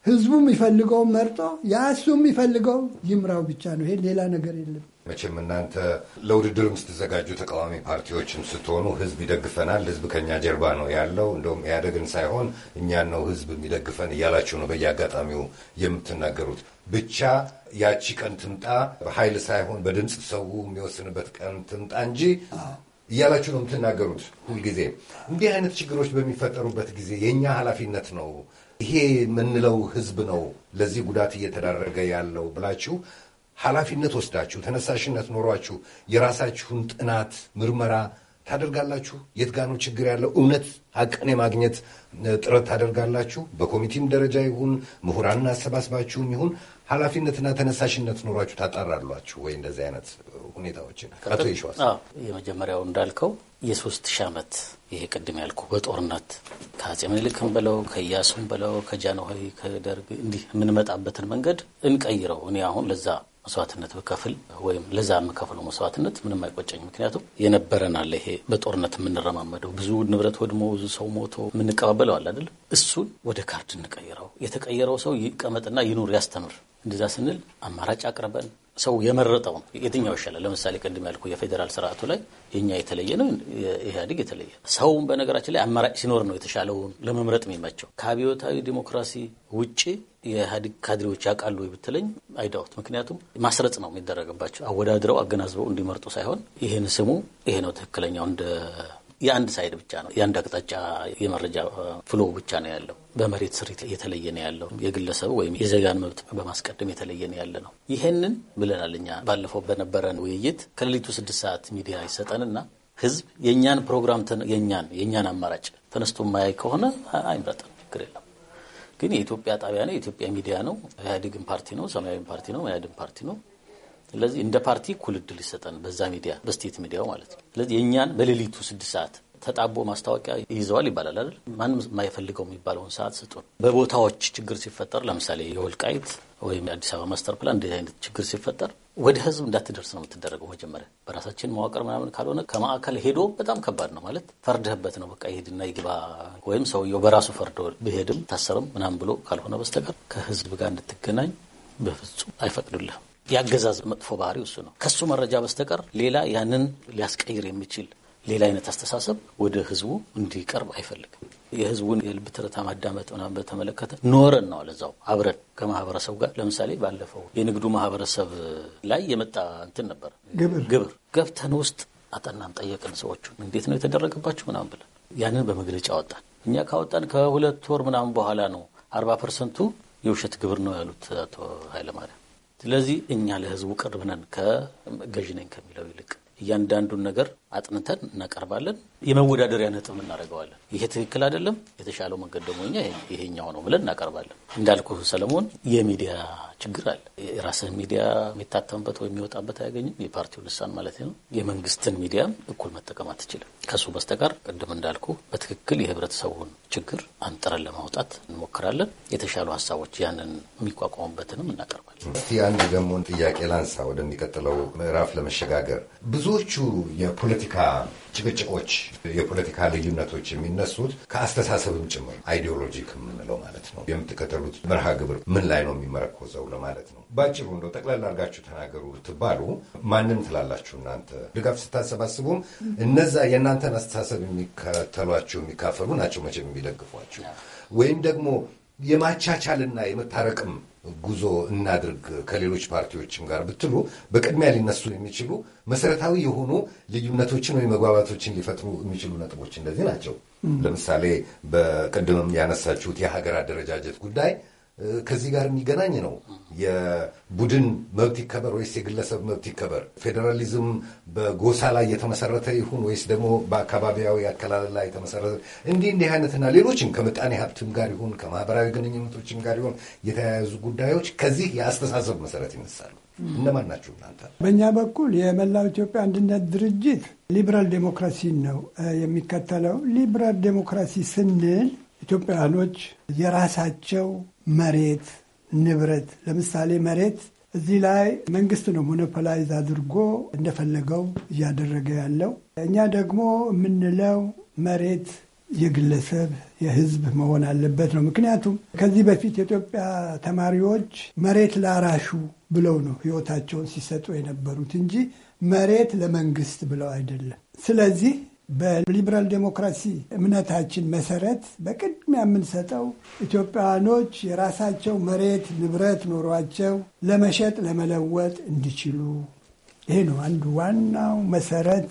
ህዝቡ የሚፈልገው መርጦ ያ እሱ የሚፈልገው ይምራው ብቻ ነው። ይሄ ሌላ ነገር የለም። መቼም እናንተ ለውድድርም ስትዘጋጁ ተቃዋሚ ፓርቲዎችም ስትሆኑ ህዝብ ይደግፈናል፣ ህዝብ ከኛ ጀርባ ነው ያለው፣ እንደውም ያደግን ሳይሆን እኛን ነው ህዝብ የሚደግፈን እያላችሁ ነው በየአጋጣሚው የምትናገሩት። ብቻ ያቺ ቀን ትምጣ፣ በኃይል ሳይሆን በድምፅ ሰው የሚወስንበት ቀን ትምጣ እንጂ እያላችሁ ነው የምትናገሩት ሁልጊዜ። እንዲህ አይነት ችግሮች በሚፈጠሩበት ጊዜ የእኛ ኃላፊነት ነው ይሄ የምንለው ህዝብ ነው ለዚህ ጉዳት እየተዳረገ ያለው ብላችሁ ኃላፊነት ወስዳችሁ ተነሳሽነት ኖሯችሁ የራሳችሁን ጥናት ምርመራ ታደርጋላችሁ። የት ጋ ነው ችግር ያለው እውነት ሀቅን የማግኘት ጥረት ታደርጋላችሁ። በኮሚቴም ደረጃ ይሁን ምሁራንን አሰባስባችሁም ይሁን ኃላፊነትና ተነሳሽነት ኖሯችሁ ታጣራሏችሁ ወይ? እንደዚህ አይነት ሁኔታዎችን አቶ ይሸዋስ፣ የመጀመሪያው እንዳልከው የሶስት ሺህ ዓመት ይሄ ቅድም ያልኩ በጦርነት ከአጼ ምኒልክም በለው ከኢያሱም በለው ከጃንሆይ ከደርግ እንዲህ የምንመጣበትን መንገድ እንቀይረው። እኔ አሁን ለዛ መስዋዕትነት ብከፍል ወይም ለዛ የምከፍለው መስዋዕትነት ምንም አይቆጨኝ። ምክንያቱም የነበረን አለ ይሄ በጦርነት የምንረማመደው ብዙ ንብረት ወድሞ ብዙ ሰው ሞቶ የምንቀባበለው አለ አይደለም። እሱን ወደ ካርድ እንቀይረው። የተቀየረው ሰው ይቀመጥና ይኑር፣ ያስተምር። እንደዛ ስንል አማራጭ አቅርበን ሰው የመረጠው ነው የትኛው ይሻላል። ለምሳሌ ቅድም ያልኩ የፌዴራል ስርዓቱ ላይ የኛ የተለየ ነው፣ ኢህአዴግ የተለየ። ሰውም በነገራችን ላይ አማራጭ ሲኖር ነው የተሻለውን ለመምረጥ የሚመቸው። ከአብዮታዊ ዲሞክራሲ ውጭ የኢህአዴግ ካድሬዎች ያውቃሉ ወይ ብትለኝ አይዳውት። ምክንያቱም ማስረጽ ነው የሚደረግባቸው፣ አወዳድረው አገናዝበው እንዲመርጡ ሳይሆን ይህን ስሙ ይሄ ነው ትክክለኛው እንደ የአንድ ሳይድ ብቻ ነው፣ የአንድ አቅጣጫ የመረጃ ፍሎ ብቻ ነው ያለው። በመሬት ስር የተለየ ነው ያለው። የግለሰብ ወይም የዜጋን መብት በማስቀደም የተለየ ነው ያለ ነው። ይህንን ብለናል እኛ ባለፈው በነበረን ውይይት። ከሌሊቱ ስድስት ሰዓት ሚዲያ ይሰጠንና ህዝብ የእኛን ፕሮግራም የኛን የእኛን አማራጭ ተነስቶ ማያይ ከሆነ አይምረጠን፣ ችግር የለም ግን የኢትዮጵያ ጣቢያ ነው፣ የኢትዮጵያ ሚዲያ ነው፣ ኢህአዴግን ፓርቲ ነው፣ ሰማያዊ ፓርቲ ነው፣ ኢህአዴግን ፓርቲ ነው ሰማያዊን ፓርቲ ነው ኢህአዴግን ፓርቲ ነው ስለዚህ እንደ ፓርቲ እኩል እድል ይሰጠን በዛ ሚዲያ በስቴት ሚዲያው ማለት ነው። ስለዚህ የእኛን በሌሊቱ ስድስት ሰዓት ተጣቦ ማስታወቂያ ይዘዋል ይባላል አይደል? ማንም የማይፈልገው የሚባለውን ሰዓት ስጡን። በቦታዎች ችግር ሲፈጠር ለምሳሌ የወልቃይት ወይም የአዲስ አበባ ማስተር ፕላን እንደዚህ አይነት ችግር ሲፈጠር ወደ ህዝብ እንዳትደርስ ነው የምትደረገው። መጀመሪያ በራሳችን መዋቅር ምናምን ካልሆነ ከማዕከል ሄዶ በጣም ከባድ ነው ማለት ፈርድህበት ነው በቃ ይሄድና ይግባ ወይም ሰውየው በራሱ ፈርዶ ብሄድም ታሰርም ምናምን ብሎ ካልሆነ በስተቀር ከህዝብ ጋር እንድትገናኝ በፍጹም አይፈቅዱልህም። የአገዛዝ መጥፎ ባህሪ እሱ ነው። ከሱ መረጃ በስተቀር ሌላ ያንን ሊያስቀይር የሚችል ሌላ አይነት አስተሳሰብ ወደ ህዝቡ እንዲቀርብ አይፈልግም። የህዝቡን የልብ ትርታ ማዳመጥ ምናምን በተመለከተ ኖረን ነው ለዛው አብረን ከማህበረሰቡ ጋር ለምሳሌ ባለፈው የንግዱ ማህበረሰብ ላይ የመጣ እንትን ነበር ግብር ገብተን ውስጥ አጠናን፣ ጠየቅን ሰዎቹ እንዴት ነው የተደረገባቸው ምናምን ብለን ያንን በመግለጫ አወጣን። እኛ ካወጣን ከሁለት ወር ምናምን በኋላ ነው አርባ ፐርሰንቱ የውሸት ግብር ነው ያሉት አቶ ኃይለማርያም ስለዚህ እኛ ለህዝቡ ቅርብ ነን ከገዥ ነኝ ከሚለው ይልቅ እያንዳንዱን ነገር አጥንተን እናቀርባለን። የመወዳደሪያ ነጥብ እናደርገዋለን። ይሄ ትክክል አይደለም፣ የተሻለው መንገድ ደግሞ ይሄኛው ነው ብለን እናቀርባለን። እንዳልኩ ሰለሞን፣ የሚዲያ ችግር አለ። የራስህን ሚዲያ የሚታተምበት ወይ የሚወጣበት አያገኝም። የፓርቲው ልሳን ማለት ነው። የመንግስትን ሚዲያም እኩል መጠቀም አትችልም። ከሱ በስተቀር ቅድም እንዳልኩ በትክክል የህብረተሰቡን ችግር አንጥረን ለማውጣት እንሞክራለን። የተሻሉ ሀሳቦች ያንን የሚቋቋሙበትንም እናቀርባለን። እስቲ አንድ ደግሞ ጥያቄ ላንሳ፣ ወደሚቀጥለው ምዕራፍ ለመሸጋገር ብዙዎቹ የፖለቲ የፖለቲካ ጭቅጭቆች፣ የፖለቲካ ልዩነቶች የሚነሱት ከአስተሳሰብም ጭምር አይዲዮሎጂ ከምንለው ማለት ነው። የምትከተሉት መርሃ ግብር ምን ላይ ነው የሚመረኮዘው ለማለት ነው። ባጭሩ እንደው ጠቅላላ አድርጋችሁ ተናገሩ ብትባሉ ማንን ትላላችሁ? እናንተ ድጋፍ ስታሰባስቡም እነዛ የእናንተን አስተሳሰብ የሚከተሏቸው የሚካፈሉ ናቸው መቼም የሚደግፏቸው ወይም ደግሞ የማቻቻልና የመታረቅም ጉዞ እናድርግ ከሌሎች ፓርቲዎችም ጋር ብትሉ በቅድሚያ ሊነሱ የሚችሉ መሰረታዊ የሆኑ ልዩነቶችን ወይም መግባባቶችን ሊፈጥሩ የሚችሉ ነጥቦች እንደዚህ ናቸው። ለምሳሌ በቅድምም ያነሳችሁት የሀገር አደረጃጀት ጉዳይ ከዚህ ጋር የሚገናኝ ነው። የቡድን መብት ይከበር ወይስ የግለሰብ መብት ይከበር? ፌዴራሊዝም በጎሳ ላይ የተመሰረተ ይሁን ወይስ ደግሞ በአካባቢያዊ አከላለል ላይ የተመሰረተ እንዲህ እንዲህ አይነትና ሌሎችም ከምጣኔ ሀብትም ጋር ይሁን ከማህበራዊ ግንኙነቶችም ጋር ይሁን የተያያዙ ጉዳዮች ከዚህ የአስተሳሰብ መሰረት ይነሳሉ። እነማን ናቸው እናንተ? በእኛ በኩል የመላው ኢትዮጵያ አንድነት ድርጅት ሊበራል ዴሞክራሲን ነው የሚከተለው። ሊበራል ዴሞክራሲ ስንል ኢትዮጵያውያኖች የራሳቸው መሬት፣ ንብረት ለምሳሌ መሬት እዚህ ላይ መንግስት ነው ሞኖፖላይዝ አድርጎ እንደፈለገው እያደረገ ያለው። እኛ ደግሞ የምንለው መሬት የግለሰብ የህዝብ መሆን አለበት ነው። ምክንያቱም ከዚህ በፊት የኢትዮጵያ ተማሪዎች መሬት ላራሹ ብለው ነው ህይወታቸውን ሲሰጡ የነበሩት እንጂ መሬት ለመንግስት ብለው አይደለም። ስለዚህ በሊበራል ዴሞክራሲ እምነታችን መሰረት በቅድሚያ የምንሰጠው ኢትዮጵያኖች የራሳቸው መሬት ንብረት ኖሯቸው ለመሸጥ ለመለወጥ እንዲችሉ። ይሄ ነው አንዱ ዋናው መሰረት፣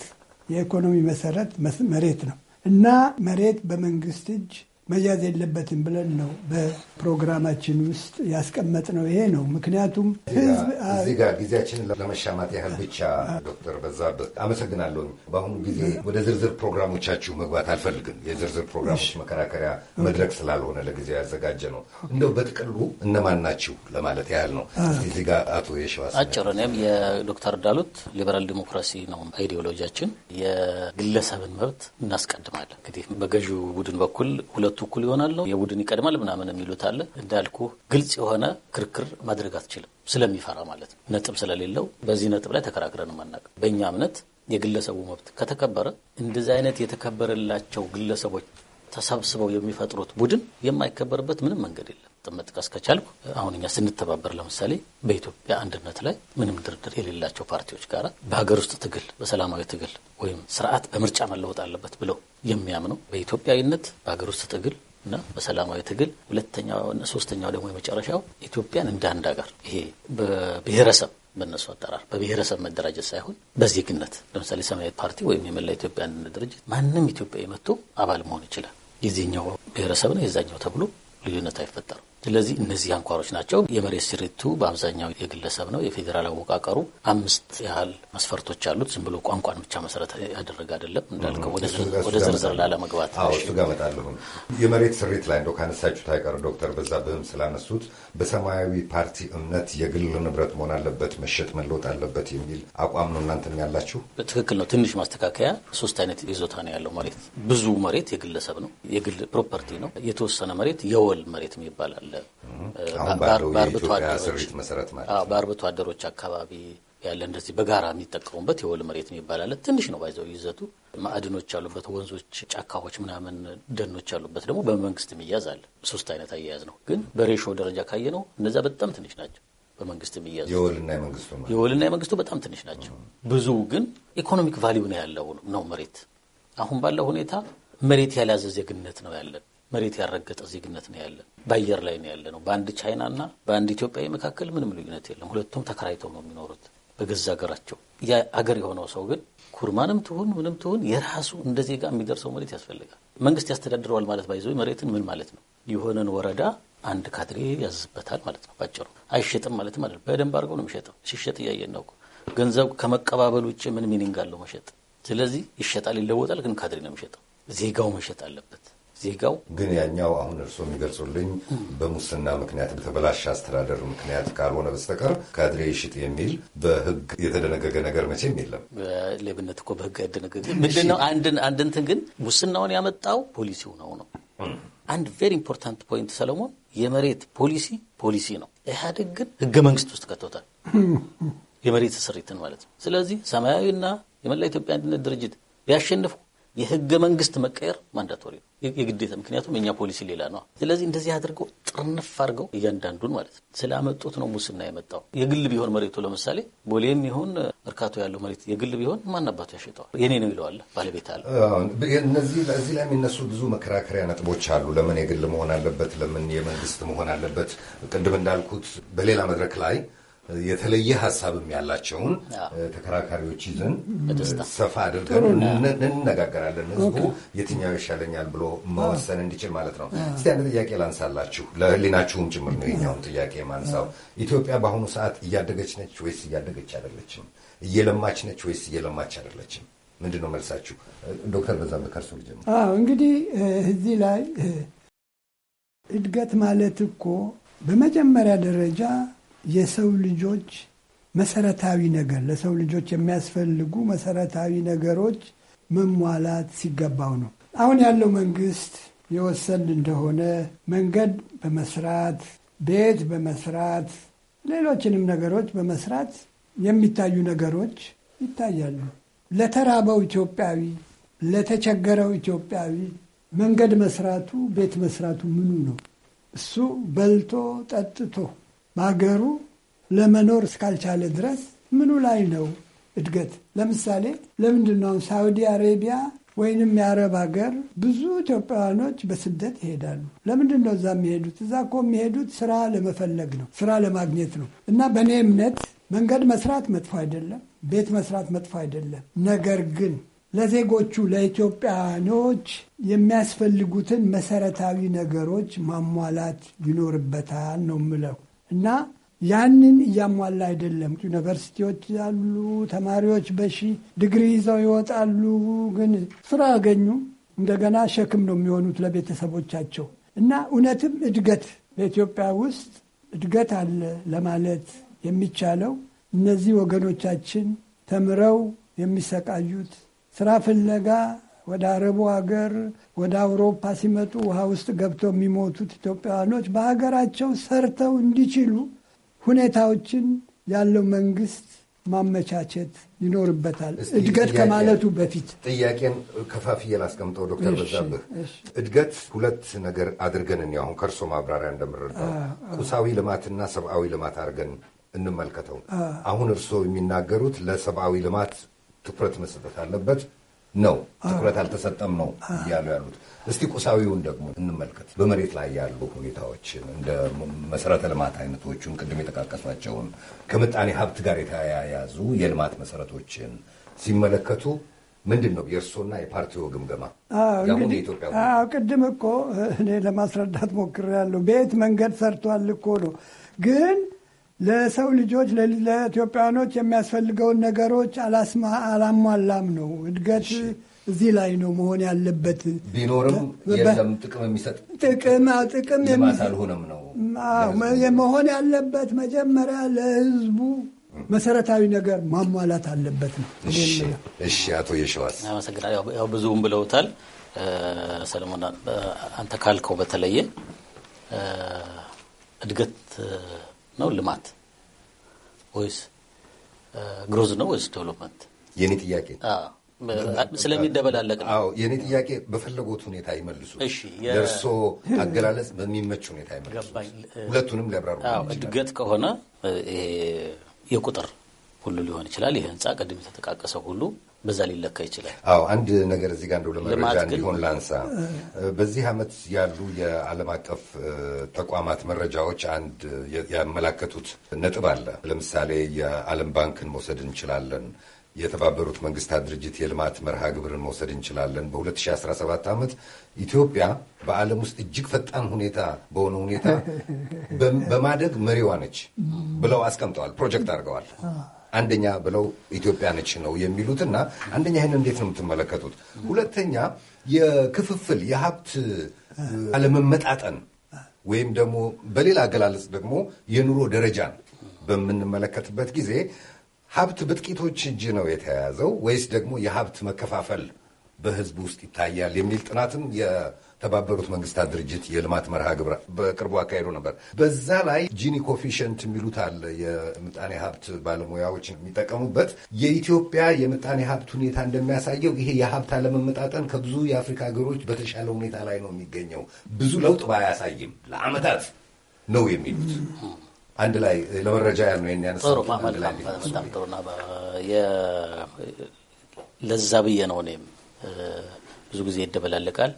የኢኮኖሚ መሰረት መሬት ነው እና መሬት በመንግስት እጅ መያዝ የለበትም ብለን ነው በፕሮግራማችን ውስጥ ያስቀመጥነው ይሄ ነው። ምክንያቱም ህዝብ እዚህ ጋር ጊዜያችንን ለመሻማት ያህል ብቻ ዶክተር በዛብህ አመሰግናለሁ። በአሁኑ ጊዜ ወደ ዝርዝር ፕሮግራሞቻችሁ መግባት አልፈልግም። የዝርዝር ፕሮግራሞች መከራከሪያ መድረክ ስላልሆነ ለጊዜው ያዘጋጀ ነው። እንደው በጥቅሉ እነማን ናችሁ ለማለት ያህል ነው። እዚህ ጋር አቶ የሸዋስ አጭር እኔም የዶክተር ዳሉት ሊበራል ዲሞክራሲ ነው አይዲዮሎጂያችን። የግለሰብን መብት እናስቀድማለን። እንግዲህ በገዢው ቡድን በኩል ሁለ ሁለቱ እኩል ይሆናል ነው የቡድን ይቀድማል ምናምን የሚሉት አለ። እንዳልኩ ግልጽ የሆነ ክርክር ማድረግ አትችልም፣ ስለሚፈራ ማለት ነው። ነጥብ ስለሌለው በዚህ ነጥብ ላይ ተከራክረን ማናቅ በእኛ እምነት የግለሰቡ መብት ከተከበረ እንደዚህ አይነት የተከበረላቸው ግለሰቦች ተሰብስበው የሚፈጥሩት ቡድን የማይከበርበት ምንም መንገድ የለም። መጥቀስ ከቻልኩ አሁን እኛ ስንተባበር ለምሳሌ በኢትዮጵያ አንድነት ላይ ምንም ድርድር የሌላቸው ፓርቲዎች ጋር በሀገር ውስጥ ትግል በሰላማዊ ትግል ወይም ስርዓት በምርጫ መለወጥ አለበት ብለው የሚያምነው በኢትዮጵያዊነት በሀገር ውስጥ ትግል እና በሰላማዊ ትግል ሁለተኛውና ሶስተኛው ደግሞ የመጨረሻው ኢትዮጵያን እንደ አንድ ሀገር ይሄ በብሔረሰብ በእነሱ አጠራር በብሔረሰብ መደራጀት ሳይሆን በዜግነት ለምሳሌ ሰማያዊ ፓርቲ ወይም የመላ ኢትዮጵያ አንድነት ድርጅት ማንም ኢትዮጵያ የመጥቶ አባል መሆን ይችላል። የዚህኛው ብሔረሰብ ነው የዛኛው ተብሎ ልዩነት አይፈጠርም። ስለዚህ እነዚህ አንኳሮች ናቸው። የመሬት ስሪቱ በአብዛኛው የግለሰብ ነው። የፌዴራል አወቃቀሩ አምስት ያህል መስፈርቶች አሉት። ዝም ብሎ ቋንቋን ብቻ መሰረት ያደረገ አይደለም። እንዳልከው ወደ ዝርዝር ላለመግባት እሱ ጋር እመጣለሁ። የመሬት ስሪት ላይ እንደው ካነሳችሁት አይቀር ዶክተር በዛብህም ስላነሱት በሰማያዊ ፓርቲ እምነት የግል ንብረት መሆን አለበት፣ መሸጥ መለወጥ አለበት የሚል አቋም ነው እናንተም ያላችሁ። ትክክል ነው። ትንሽ ማስተካከያ። ሶስት አይነት ይዞታ ነው ያለው መሬት። ብዙ መሬት የግለሰብ ነው፣ የግል ፕሮፐርቲ ነው። የተወሰነ መሬት የወል መሬት ይባላል የለም። በአርብቶ አደሮች አካባቢ ያለ እንደዚህ በጋራ የሚጠቀሙበት የወል መሬት ነው ይባላል። ትንሽ ነው ባይዘው ይዘቱ ማዕድኖች ያሉበት ወንዞች፣ ጫካዎች፣ ምናምን ደኖች ያሉበት ደግሞ በመንግስት የሚያዝ አለ። ሶስት አይነት አያያዝ ነው። ግን በሬሾ ደረጃ ካየ ነው እነዚያ በጣም ትንሽ ናቸው። በመንግስት የሚያዝ የወልና የመንግስቱ በጣም ትንሽ ናቸው። ብዙ ግን ኢኮኖሚክ ቫሊዩ ነው ያለው ነው መሬት አሁን ባለው ሁኔታ መሬት ያልያዘ ዜግነት ነው ያለን መሬት ያረገጠ ዜግነት ነው ያለን። በአየር ላይ ነው ያለ ነው። በአንድ እና በአንድ ኢትዮጵያዊ መካከል ምንም ልዩነት የለም። ሁለቱም ተከራይተው ነው የሚኖሩት በገዛ ሀገራቸው። አገር የሆነው ሰው ግን ኩርማንም ትሁን ምንም ትሁን የራሱ እንደ ዜጋ የሚደርሰው መሬት ያስፈልጋል። መንግስት ያስተዳድረዋል ማለት ባይዞ መሬትን ምን ማለት ነው? የሆነን ወረዳ አንድ ካድሬ ያዝበታል ማለት ነው ባጭሩ። አይሸጥም ማለት ማለት በደንብ አድርገው ነው የሚሸጠው። ሲሸጥ እያየን ነው። ገንዘብ ከመቀባበል ውጭ ምን ሚኒንግ አለው መሸጥ? ስለዚህ ይሸጣል፣ ይለወጣል፣ ግን ካድሬ ነው የሚሸጠው። ዜጋው መሸጥ አለበት። ዜጋው ግን ያኛው አሁን እርስዎ የሚገልጹልኝ በሙስና ምክንያት በተበላሸ አስተዳደር ምክንያት ካልሆነ በስተቀር ካድሬ ይሽጥ የሚል በህግ የተደነገገ ነገር መቼም የለም። ሌብነት እኮ በህግ አይደነገገ። ምንድነው ግን ሙስናውን ያመጣው ፖሊሲው ነው ነው አንድ ቬሪ ኢምፖርታንት ፖይንት ሰለሞን፣ የመሬት ፖሊሲ ፖሊሲ ነው። ኢህአዴግ ግን ህገ መንግስት ውስጥ ከቶታል የመሬት ስሪትን ማለት ነው። ስለዚህ ሰማያዊና የመላ ኢትዮጵያ አንድነት ድርጅት ቢያሸንፉ የህገ መንግስት መቀየር ማንዳቶሪ ነው የግዴታ። ምክንያቱም የኛ ፖሊሲ ሌላ ነው። ስለዚህ እንደዚህ አድርገው ጥርንፍ አድርገው እያንዳንዱን ማለት ነው ስላመጡት ነው ሙስና የመጣው። የግል ቢሆን መሬቱ ለምሳሌ ቦሌም ይሁን መርካቶ ያለው መሬት የግል ቢሆን ማናባቱ ያሸጠዋል? የኔ ነው ይለዋል፣ ባለቤት አለ። እነዚህ እዚህ ላይ የሚነሱ ብዙ መከራከሪያ ነጥቦች አሉ። ለምን የግል መሆን አለበት? ለምን የመንግስት መሆን አለበት? ቅድም እንዳልኩት በሌላ መድረክ ላይ የተለየ ሀሳብም ያላቸውን ተከራካሪዎች ይዘን ሰፋ አድርገን እንነጋገራለን። ህዝቡ የትኛው ይሻለኛል ብሎ መወሰን እንዲችል ማለት ነው። እስቲ አንድ ጥያቄ ላንሳላችሁ፣ ለህሊናችሁም ጭምር ነው የኛውን ጥያቄ ማንሳው። ኢትዮጵያ በአሁኑ ሰዓት እያደገች ነች ወይስ እያደገች አይደለችም? እየለማች ነች ወይስ እየለማች አይደለችም? ምንድን ነው መልሳችሁ? ዶክተር በዛብህ ከእርሱ ልጀምር። እንግዲህ እዚህ ላይ እድገት ማለት እኮ በመጀመሪያ ደረጃ የሰው ልጆች መሰረታዊ ነገር ለሰው ልጆች የሚያስፈልጉ መሰረታዊ ነገሮች መሟላት ሲገባው ነው። አሁን ያለው መንግስት የወሰን እንደሆነ መንገድ በመስራት ቤት በመስራት ሌሎችንም ነገሮች በመስራት የሚታዩ ነገሮች ይታያሉ። ለተራበው ኢትዮጵያዊ፣ ለተቸገረው ኢትዮጵያዊ መንገድ መስራቱ ቤት መስራቱ ምኑ ነው? እሱ በልቶ ጠጥቶ በሀገሩ ለመኖር እስካልቻለ ድረስ ምኑ ላይ ነው እድገት? ለምሳሌ ለምንድን ነው ሳውዲ አሬቢያ ወይንም የአረብ ሀገር ብዙ ኢትዮጵያውያኖች በስደት ይሄዳሉ? ለምንድን ነው እዛ የሚሄዱት? እዛ እኮ የሚሄዱት ስራ ለመፈለግ ነው፣ ስራ ለማግኘት ነው። እና በእኔ እምነት መንገድ መስራት መጥፎ አይደለም፣ ቤት መስራት መጥፎ አይደለም። ነገር ግን ለዜጎቹ ለኢትዮጵያኖች የሚያስፈልጉትን መሰረታዊ ነገሮች ማሟላት ይኖርበታል ነው ምለው። እና ያንን እያሟላ አይደለም። ዩኒቨርሲቲዎች ያሉ ተማሪዎች በሺ ድግሪ ይዘው ይወጣሉ፣ ግን ስራ ያገኙ እንደገና ሸክም ነው የሚሆኑት ለቤተሰቦቻቸው እና እውነትም እድገት በኢትዮጵያ ውስጥ እድገት አለ ለማለት የሚቻለው እነዚህ ወገኖቻችን ተምረው የሚሰቃዩት ስራ ፍለጋ ወደ አረቡ ሀገር ወደ አውሮፓ ሲመጡ ውሃ ውስጥ ገብተው የሚሞቱት ኢትዮጵያውያኖች በሀገራቸው ሰርተው እንዲችሉ ሁኔታዎችን ያለው መንግስት ማመቻቸት ይኖርበታል። እድገት ከማለቱ በፊት ጥያቄን ከፋፍዬ ላስቀምጠው። ዶክተር በዛብህ እድገት ሁለት ነገር አድርገን እኔ አሁን ከእርሶ ማብራሪያ እንደምረዳው ቁሳዊ ልማትና ሰብአዊ ልማት አድርገን እንመልከተው። አሁን እርሶ የሚናገሩት ለሰብአዊ ልማት ትኩረት መሰጠት አለበት ነው ትኩረት አልተሰጠም ነው እያሉ ያሉት። እስቲ ቁሳዊውን ደግሞ እንመልከት። በመሬት ላይ ያሉ ሁኔታዎችን እንደ መሰረተ ልማት አይነቶቹን ቅድም የጠቃቀሷቸውን ከምጣኔ ሀብት ጋር የተያያዙ የልማት መሰረቶችን ሲመለከቱ ምንድን ነው የእርሶና የፓርቲው ግምገማ? ቅድም እኮ እኔ ለማስረዳት ሞክሬያለሁ። ቤት መንገድ ሰርቷል እኮ ነው ግን ለሰው ልጆች ለኢትዮጵያኖች የሚያስፈልገውን ነገሮች አላሟላም ነው። እድገት እዚህ ላይ ነው መሆን ያለበት። ቢኖርም የለም ጥቅም የሚሰጥ ጥቅም አልሆነም ነው መሆን ያለበት። መጀመሪያ ለህዝቡ መሰረታዊ ነገር ማሟላት አለበት ነው። እሺ፣ አቶ የሸዋስ አመሰግናለሁ። ያው ብዙም ብለውታል። ሰለሞን አንተ ካልከው በተለየ እድገት ነው ልማት ወይስ ግሮዝ ነው ወይስ ዴቨሎፕመንት? የኔ ጥያቄ ስለሚደበላለቅ ነው። የእኔ ጥያቄ በፈለጉት ሁኔታ ይመልሱ፣ ለእርሶ አገላለጽ በሚመች ሁኔታ ይመልሱ። ሁለቱንም ሊያብራሩ። እድገት ከሆነ የቁጥር ሁሉ ሊሆን ይችላል። ይህ ህንፃ ቅድም የተጠቃቀሰው ሁሉ በዛ ሊለካ ይችላል። አዎ አንድ ነገር እዚህ ጋር እንደው ለመረጃ እንዲሆን ላንሳ። በዚህ ዓመት ያሉ የዓለም አቀፍ ተቋማት መረጃዎች አንድ ያመላከቱት ነጥብ አለ። ለምሳሌ የዓለም ባንክን መውሰድ እንችላለን። የተባበሩት መንግስታት ድርጅት የልማት መርሃ ግብርን መውሰድ እንችላለን። በ2017 ዓመት ኢትዮጵያ በዓለም ውስጥ እጅግ ፈጣን ሁኔታ በሆነ ሁኔታ በማደግ መሪዋ ነች ብለው አስቀምጠዋል፣ ፕሮጀክት አድርገዋል። አንደኛ ብለው ኢትዮጵያ ነች ነው እና አንደኛ ይህን እንዴት ነው የምትመለከቱት? ሁለተኛ የክፍፍል የሀብት አለመመጣጠን ወይም ደግሞ በሌላ አገላለጽ ደግሞ የኑሮ ደረጃን በምንመለከትበት ጊዜ ሀብት በጥቂቶች እጅ ነው የተያያዘው ወይስ ደግሞ የሀብት መከፋፈል በህዝብ ውስጥ ይታያል የሚል ጥናትም የተባበሩት መንግስታት ድርጅት የልማት መርሃ ግብር በቅርቡ አካሄዶ ነበር። በዛ ላይ ጂኒ ኮፊሽንት የሚሉት አለ የምጣኔ ሀብት ባለሙያዎች የሚጠቀሙበት የኢትዮጵያ የምጣኔ ሀብት ሁኔታ እንደሚያሳየው ይሄ የሀብት አለመመጣጠን ከብዙ የአፍሪካ ሀገሮች በተሻለ ሁኔታ ላይ ነው የሚገኘው። ብዙ ለውጥ ባያሳይም ለአመታት ነው የሚሉት። አንድ ላይ ለመረጃ ያል ነው ያነሳው። ጥሩ። ለዛ ብዬ ነው እኔም ብዙ ጊዜ ይደበላለቃል።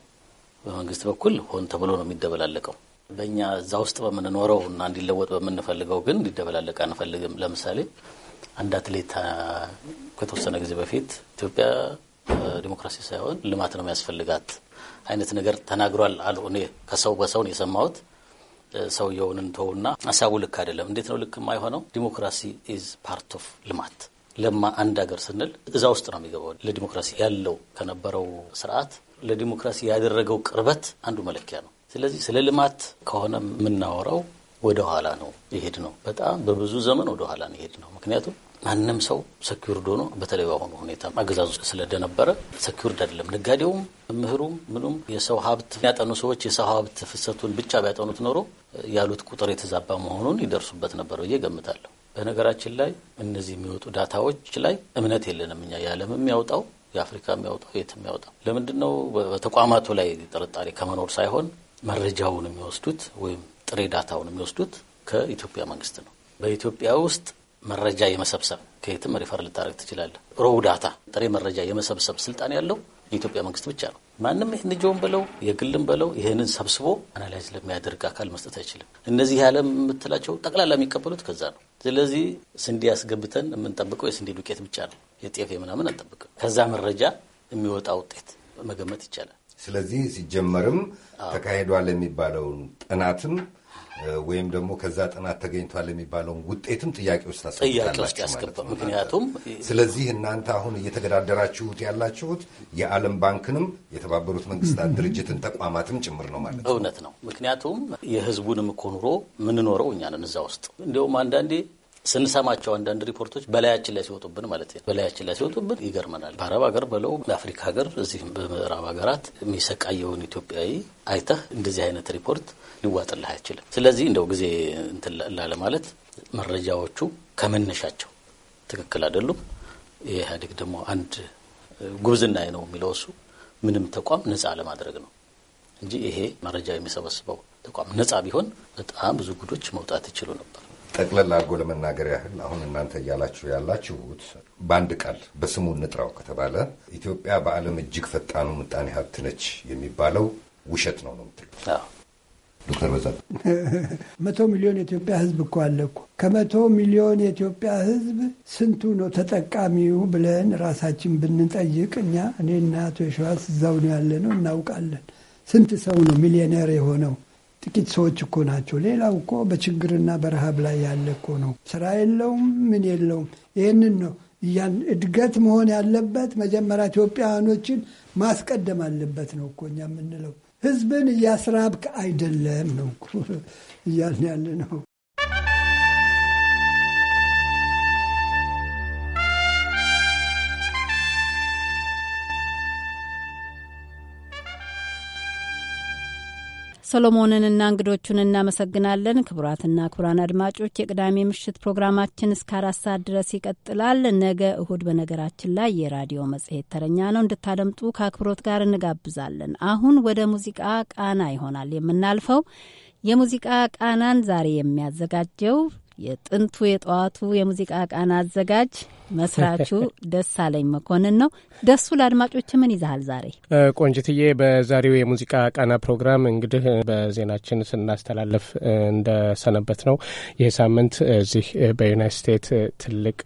በመንግስት በኩል ሆን ተብሎ ነው የሚደበላለቀው። በእኛ እዛ ውስጥ በምንኖረው እና እንዲለወጥ በምንፈልገው ግን እንዲደበላለቅ አንፈልግም። ለምሳሌ አንድ አትሌት ከተወሰነ ጊዜ በፊት ኢትዮጵያ ዲሞክራሲ ሳይሆን ልማት ነው የሚያስፈልጋት አይነት ነገር ተናግሯል አሉ። እኔ ከሰው በሰውን የሰማሁት ሰውየውን እንተውና ሀሳቡ ልክ አይደለም። እንዴት ነው ልክ የማይሆነው? ዲሞክራሲ ኢዝ ፓርት ኦፍ ልማት ለማ አንድ ሀገር ስንል እዛ ውስጥ ነው የሚገባው። ለዲሞክራሲ ያለው ከነበረው ስርዓት ለዲሞክራሲ ያደረገው ቅርበት አንዱ መለኪያ ነው። ስለዚህ ስለ ልማት ከሆነ የምናወራው ወደ ኋላ ነው ይሄድ ነው። በጣም በብዙ ዘመን ወደ ኋላ ነው ይሄድ ነው። ምክንያቱም ማንም ሰው ሰኪርድ ሆኖ በተለይ በአሁኑ ሁኔታ አገዛዙ ስለደነበረ ሰኪርድ አይደለም። ነጋዴውም፣ ምህሩም፣ ምኑም የሰው ሀብት ያጠኑ ሰዎች የሰው ሀብት ፍሰቱን ብቻ ቢያጠኑት ኖሮ ያሉት ቁጥር የተዛባ መሆኑን ይደርሱበት ነበር ብዬ ገምታለሁ። በነገራችን ላይ እነዚህ የሚወጡ ዳታዎች ላይ እምነት የለንም እኛ የዓለም የሚያወጣው የአፍሪካ የሚያወጣው የትም የሚያወጣው ለምንድን ነው በተቋማቱ ላይ ጥርጣሬ ከመኖር ሳይሆን መረጃውን የሚወስዱት ወይም ጥሬ ዳታውን የሚወስዱት ከኢትዮጵያ መንግስት ነው። በኢትዮጵያ ውስጥ መረጃ የመሰብሰብ ከየትም ሪፈር ልታደረግ ትችላለህ። ሮው ዳታ ጥሬ መረጃ የመሰብሰብ ስልጣን ያለው የኢትዮጵያ መንግስት ብቻ ነው። ማንም ኤንጂኦን ብለው የግልም ብለው ይህንን ሰብስቦ አናላይዝ ለሚያደርግ አካል መስጠት አይችልም። እነዚህ የዓለም የምትላቸው ጠቅላላ የሚቀበሉት ከዛ ነው። ስለዚህ ስንዴ አስገብተን የምንጠብቀው የስንዴ ዱቄት ብቻ ነው። የጤፍ ምናምን አንጠብቅም። ከዛ መረጃ የሚወጣ ውጤት መገመት ይቻላል። ስለዚህ ሲጀመርም ተካሂዷል የሚባለውን ጥናትም ወይም ደግሞ ከዛ ጥናት ተገኝቷል የሚባለውን ውጤትም ጥያቄ ውስጥ ታስቀምጣላችሁ። ምክንያቱም ስለዚህ እናንተ አሁን እየተገዳደራችሁት ያላችሁት የዓለም ባንክንም የተባበሩት መንግስታት ድርጅትን ተቋማትም ጭምር ነው ማለት ነው። እውነት ነው። ምክንያቱም የህዝቡንም እኮ ኑሮ የምንኖረው እኛ ነን እዛ ውስጥ። እንዲሁም አንዳንዴ ስንሰማቸው አንዳንድ ሪፖርቶች በላያችን ላይ ሲወጡብን ማለት ነው። በላያችን ላይ ሲወጡብን ይገርመናል። በአረብ ሀገር በለው በአፍሪካ ሀገር እዚህም በምዕራብ ሀገራት የሚሰቃየውን ኢትዮጵያዊ አይተህ እንደዚህ አይነት ሪፖርት ሊዋጥልህ አይችልም። ስለዚህ እንደው ጊዜ እንትን ማለት መረጃዎቹ ከመነሻቸው ትክክል አይደሉም። የኢህአዴግ ደግሞ አንድ ጉብዝና ነው የሚለው እሱ ምንም ተቋም ነጻ ለማድረግ ነው እንጂ ይሄ መረጃ የሚሰበስበው ተቋም ነጻ ቢሆን በጣም ብዙ ጉዶች መውጣት ይችሉ ነበር። ጠቅለል አድርጎ ለመናገር ያህል አሁን እናንተ እያላችሁ ያላችሁት በአንድ ቃል በስሙ እንጥራው ከተባለ ኢትዮጵያ በዓለም እጅግ ፈጣኑ ምጣኔ ሀብት ነች የሚባለው ውሸት ነው ነው የምትሉት? ዶክተር በዛ መቶ ሚሊዮን የኢትዮጵያ ሕዝብ እኮ አለ እኮ። ከመቶ ሚሊዮን የኢትዮጵያ ሕዝብ ስንቱ ነው ተጠቃሚው ብለን ራሳችን ብንጠይቅ እኛ እኔና አቶ የሸዋስ እዛው ነው ያለ ነው እናውቃለን። ስንት ሰው ነው ሚሊዮነር የሆነው? ጥቂት ሰዎች እኮ ናቸው። ሌላው እኮ በችግርና በረሃብ ላይ ያለ እኮ ነው። ስራ የለውም፣ ምን የለውም። ይህንን ነው እድገት መሆን ያለበት መጀመሪያ ኢትዮጵያውያኖችን ማስቀደም አለበት ነው እኮ እኛ የምንለው። ህዝብን እያስራብክ አይደለም ነው እያልን ያለ ነው። ሰሎሞንንና እንግዶቹን እናመሰግናለን። ክቡራትና ክቡራን አድማጮች የቅዳሜ ምሽት ፕሮግራማችን እስከ አራት ሰዓት ድረስ ይቀጥላል። ነገ እሁድ በነገራችን ላይ የራዲዮ መጽሔት ተረኛ ነው፣ እንድታደምጡ ከአክብሮት ጋር እንጋብዛለን። አሁን ወደ ሙዚቃ ቃና ይሆናል የምናልፈው። የሙዚቃ ቃናን ዛሬ የሚያዘጋጀው የጥንቱ የጠዋቱ የሙዚቃ ቃና አዘጋጅ መስራቹ ደሳለኝ መኮንን ነው። ደሱ ለአድማጮች ምን ይዛሃል ዛሬ? ቆንጅትዬ፣ በዛሬው የሙዚቃ ቃና ፕሮግራም እንግዲህ በዜናችን ስናስተላለፍ እንደሰነበት ነው። ይህ ሳምንት እዚህ በዩናይት ስቴትስ ትልቅ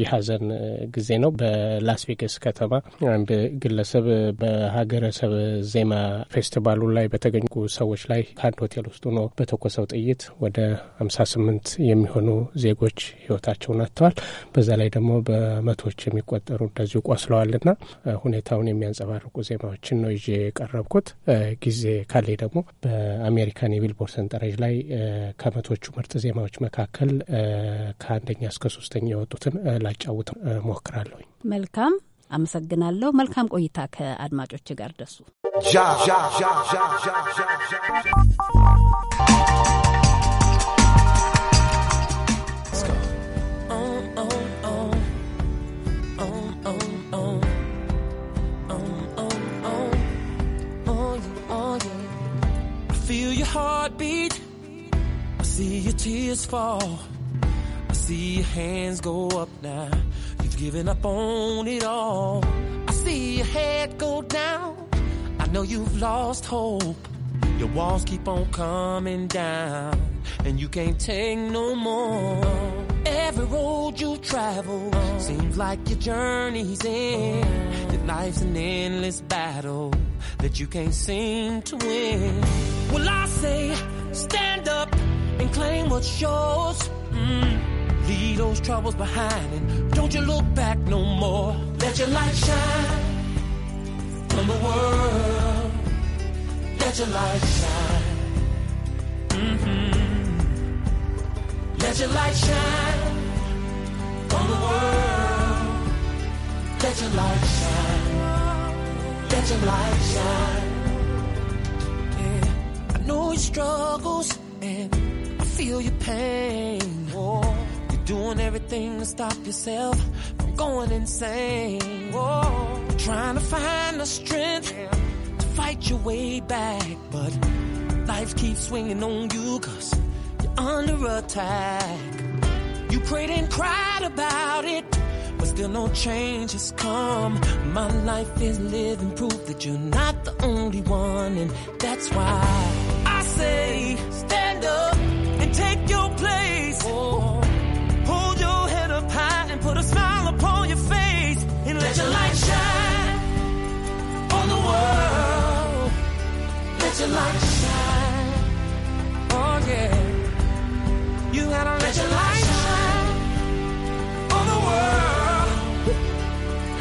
የሀዘን ጊዜ ነው። በላስ ቬጋስ ከተማ አንድ ግለሰብ በሀገረሰብ ዜማ ፌስቲቫሉ ላይ በተገኙ ሰዎች ላይ ከአንድ ሆቴል ውስጥ ሆኖ በተኮሰው ጥይት ወደ ሀምሳ ስምንት የሚሆኑ ዜጎች ህይወታቸውን አጥተዋል። በዛ ላይ ደግሞ በመቶዎች የሚቆጠሩ እንደዚሁ ቆስለዋልና ሁኔታውን የሚያንጸባርቁ ዜማዎችን ነው ይዤ የቀረብኩት። ጊዜ ካሌ ደግሞ በአሜሪካን የቢልቦርድ ሰንጠረዥ ላይ ከመቶቹ ምርጥ ዜማዎች መካከል ከአንደኛ እስከ ሶስተኛ የወጡትን ላጫውት ሞክራለሁኝ። መልካም አመሰግናለሁ። መልካም ቆይታ ከአድማጮች ጋር ደሱ heartbeat. I see your tears fall. I see your hands go up now. You've given up on it all. I see your head go down. I know you've lost hope. Your walls keep on coming down. And you can't take no more. Every road you travel seems like your journey's in. Your life's an endless battle that you can't seem to win. Well, I say, stand up and claim what's yours. Mm. Leave those troubles behind and don't you look back no more. Let your light shine from the world. Let your light shine. Mm-hmm. Let your light shine world. Let your light shine. Let your light shine. Yeah. I know your struggles and I feel your pain. Oh, you're doing everything to stop yourself from going insane. Oh, trying to find the strength to fight your way back, but life keeps swinging on you cause you're under attack. You prayed and cried about it, but still no change has come. My life is living proof that you're not the only one, and that's why I say, stand up and take your place. Oh. Hold your head up high and put a smile upon your face, and let, let your light shine on the world. Let your light shine. Oh, yeah. You gotta let, let your light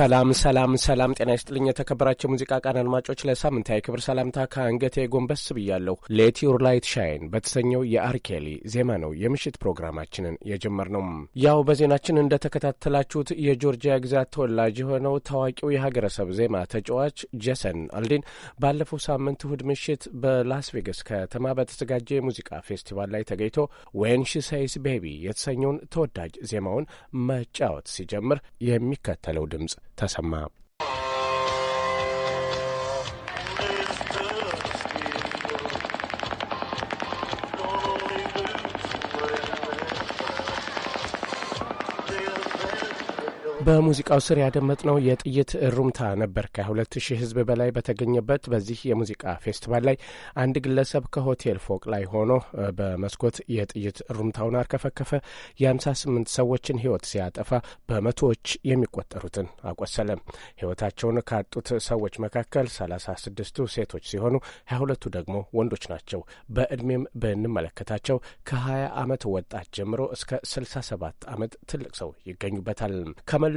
ሰላም ሰላም ሰላም፣ ጤና ይስጥልኝ የተከበራቸው ሙዚቃ ቃን አድማጮች፣ ለሳምንታዊ ክብር ሰላምታ ከአንገቴ ጎንበስ ብያለሁ። ሌት ዩር ላይት ሻይን በተሰኘው የአርኬሊ ዜማ ነው የምሽት ፕሮግራማችንን የጀመርነው። ያው በዜናችን እንደተከታተላችሁት የጆርጂያ ግዛት ተወላጅ የሆነው ታዋቂው የሀገረሰብ ዜማ ተጫዋች ጀሰን አልዲን ባለፈው ሳምንት እሁድ ምሽት በላስ ቬጋስ ከተማ በተዘጋጀ የሙዚቃ ፌስቲቫል ላይ ተገኝቶ ዌን ሺ ሳይስ ቤቢ የተሰኘውን ተወዳጅ ዜማውን መጫወት ሲጀምር የሚከተለው ድምጽ። ተሰማ በሙዚቃው ስር ያደመጥነው የጥይት ሩምታ ነበር። ከ2000 ህዝብ በላይ በተገኘበት በዚህ የሙዚቃ ፌስቲቫል ላይ አንድ ግለሰብ ከሆቴል ፎቅ ላይ ሆኖ በመስኮት የጥይት ሩምታውን አርከፈከፈ። የ58 ሰዎችን ህይወት ሲያጠፋ በመቶዎች የሚቆጠሩትን አቆሰለም። ህይወታቸውን ካጡት ሰዎች መካከል 36ቱ ሴቶች ሲሆኑ 22ቱ ደግሞ ወንዶች ናቸው። በእድሜም ብንመለከታቸው ከ20 አመት ወጣት ጀምሮ እስከ 67 ዓመት ትልቅ ሰው ይገኙበታል።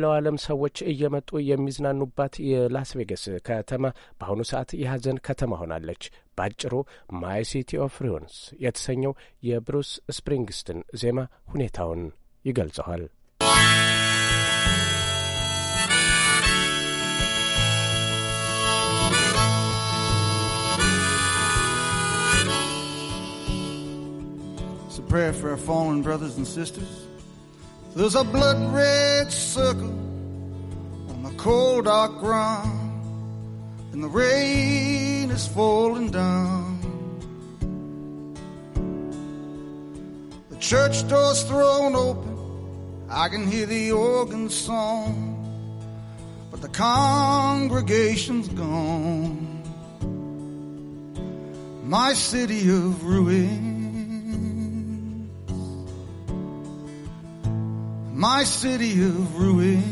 የመላው ዓለም ሰዎች እየመጡ የሚዝናኑባት የላስ ቬገስ ከተማ በአሁኑ ሰዓት የሐዘን ከተማ ሆናለች። በአጭሩ ማይ ሲቲ ኦፍ ሪዮንስ የተሰኘው የብሩስ ስፕሪንግስትን ዜማ ሁኔታውን ይገልጸዋል። Prayer for our fallen brothers and sisters. There's a blood red circle on the cold dark ground, and the rain is falling down. The church door's thrown open, I can hear the organ song, but the congregation's gone. My city of ruin. my city of ruin.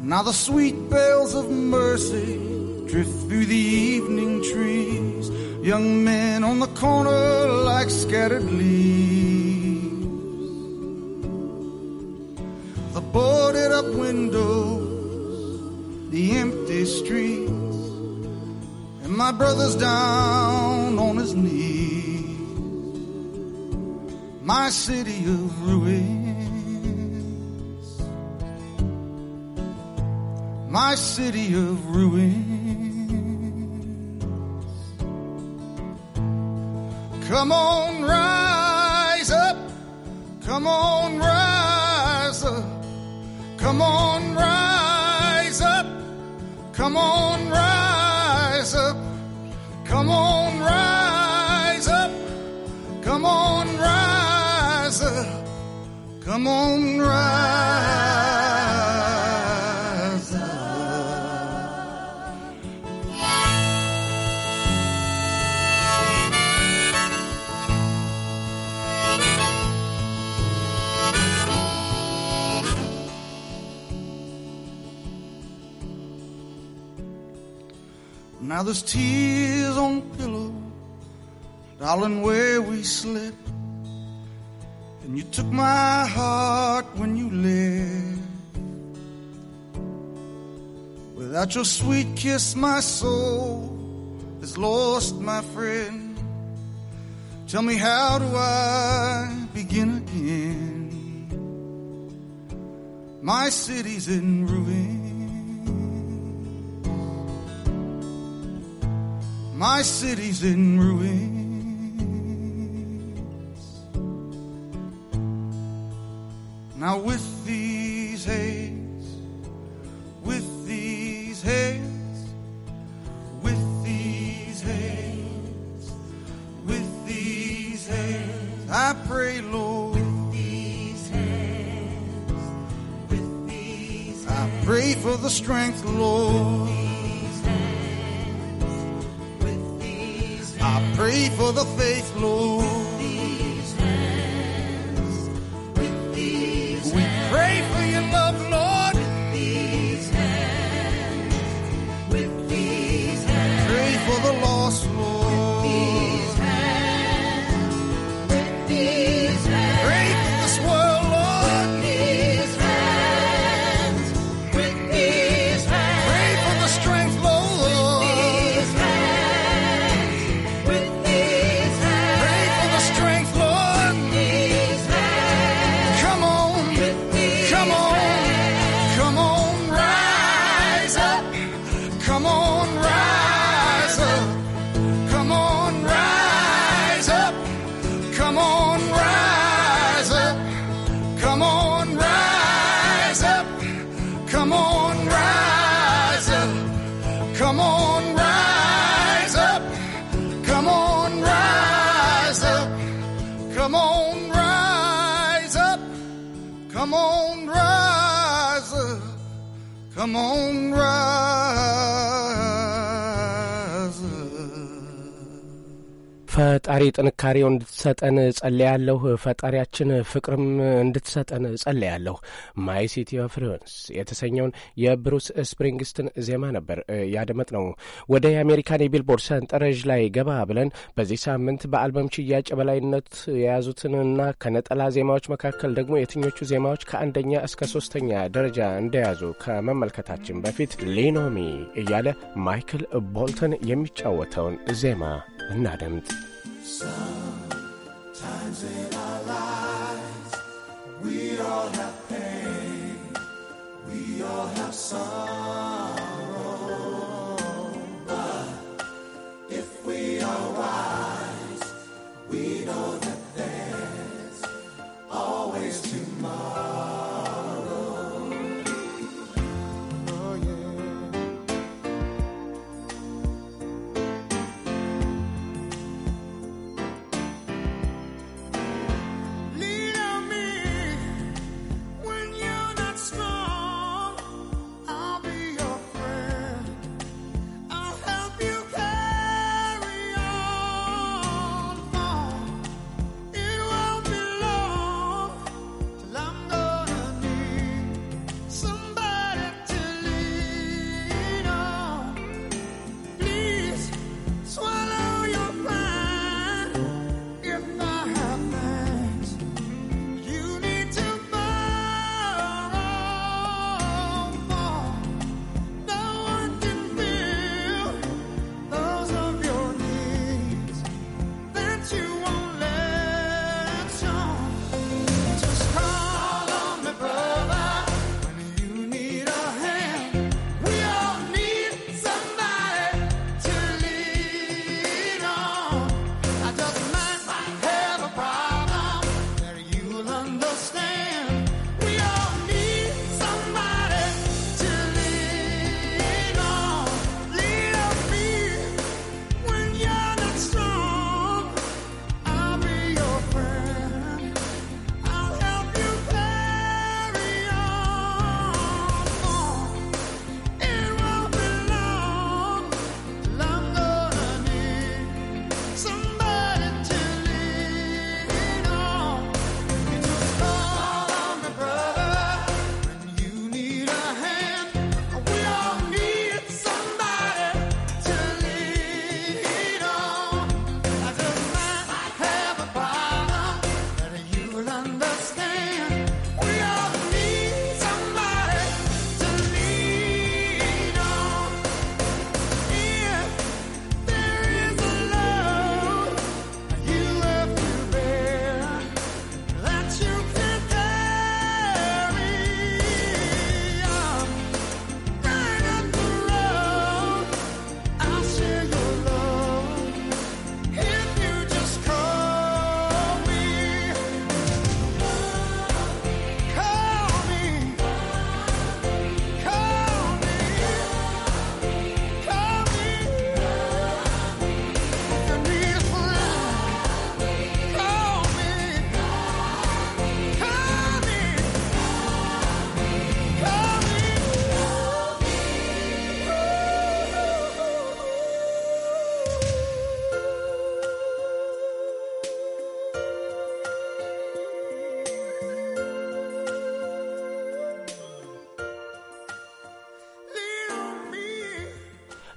Now the sweet bells of mercy drift through the evening trees, young men on the corner like scattered leaves. The boarded up windows, the empty streets, and my brother's down on his knees my city of ruins, my city of ruins. Come on, rise up, come on, rise up, come on, rise up, come on, rise up, come on, rise up, come on, rise. Up. Come on, rise come on, rise up. Now there's tears on pillow, darling, where we slept. And you took my heart when you left. Without your sweet kiss, my soul is lost, my friend. Tell me, how do I begin again? My city's in ruin. My city's in ruin. Now with these hands, with these hands, with these hands, with these hands, I pray, Lord. With these hands, with these hands, I pray for the strength, Lord. With hands, with hands, I pray for the faith, Lord. Come on, rise up. Come on, rise up. Come on, rise. ፈጣሪ ጥንካሬው እንድትሰጠን ጸለያለሁ። ፈጣሪያችን ፍቅርም እንድትሰጠን ጸለያለሁ። ማይ ሲቲ ኦፍ ፍሬንስ የተሰኘውን የብሩስ ስፕሪንግስትን ዜማ ነበር ያደመጥ ነው። ወደ የአሜሪካን የቢልቦርድ ሰንጠረዥ ላይ ገባ ብለን በዚህ ሳምንት በአልበም ሽያጭ በላይነት የያዙትንና ከነጠላ ዜማዎች መካከል ደግሞ የትኞቹ ዜማዎች ከአንደኛ እስከ ሶስተኛ ደረጃ እንደያዙ ከመመልከታችን በፊት ሊኖሚ እያለ ማይክል ቦልተን የሚጫወተውን ዜማ እናደምጥ። Sometimes in our lives, we all have pain, we all have sorrow. But if we are wise,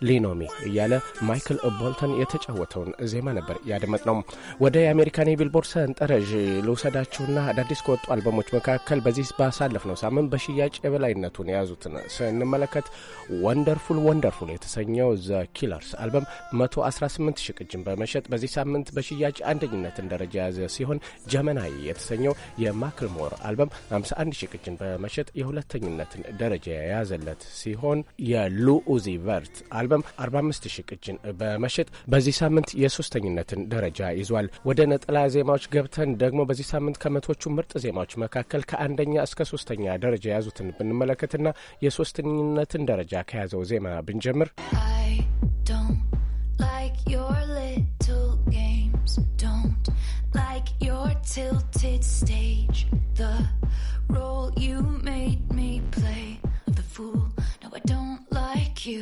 ሊኖሚ እያለ ማይክል ቦልተን የተጫወተውን ዜማ ነበር ያደመጥነው። ወደ የአሜሪካን የቢልቦርድ ሰንጠረዥ ልውሰዳችሁና አዳዲስ ከወጡ አልበሞች መካከል በዚህ ባሳለፍነው ሳምንት በሽያጭ የበላይነቱን የያዙትን ስንመለከት ወንደርፉል ወንደርፉል የተሰኘው ዘ ኪለርስ አልበም 118 ሺህ ቅጅን በመሸጥ በዚህ ሳምንት በሽያጭ አንደኝነትን ደረጃ የያዘ ሲሆን ጀመናይ የተሰኘው የማክልሞር አልበም 51 ሺህ ቅጅን በመሸጥ የሁለተኝነትን ደረጃ የያዘለት ሲሆን የሉኡዚ ቨርት አልበም አልበም 45 ሺ ቅጅን በመሸጥ በዚህ ሳምንት የሶስተኝነትን ደረጃ ይዟል። ወደ ነጠላ ዜማዎች ገብተን ደግሞ በዚህ ሳምንት ከመቶቹ ምርጥ ዜማዎች መካከል ከአንደኛ እስከ ሶስተኛ ደረጃ የያዙትን ብንመለከትና የሶስተኝነትን ደረጃ ከያዘው ዜማ ብንጀምር tilted stage the role you made me play the fool no i don't like you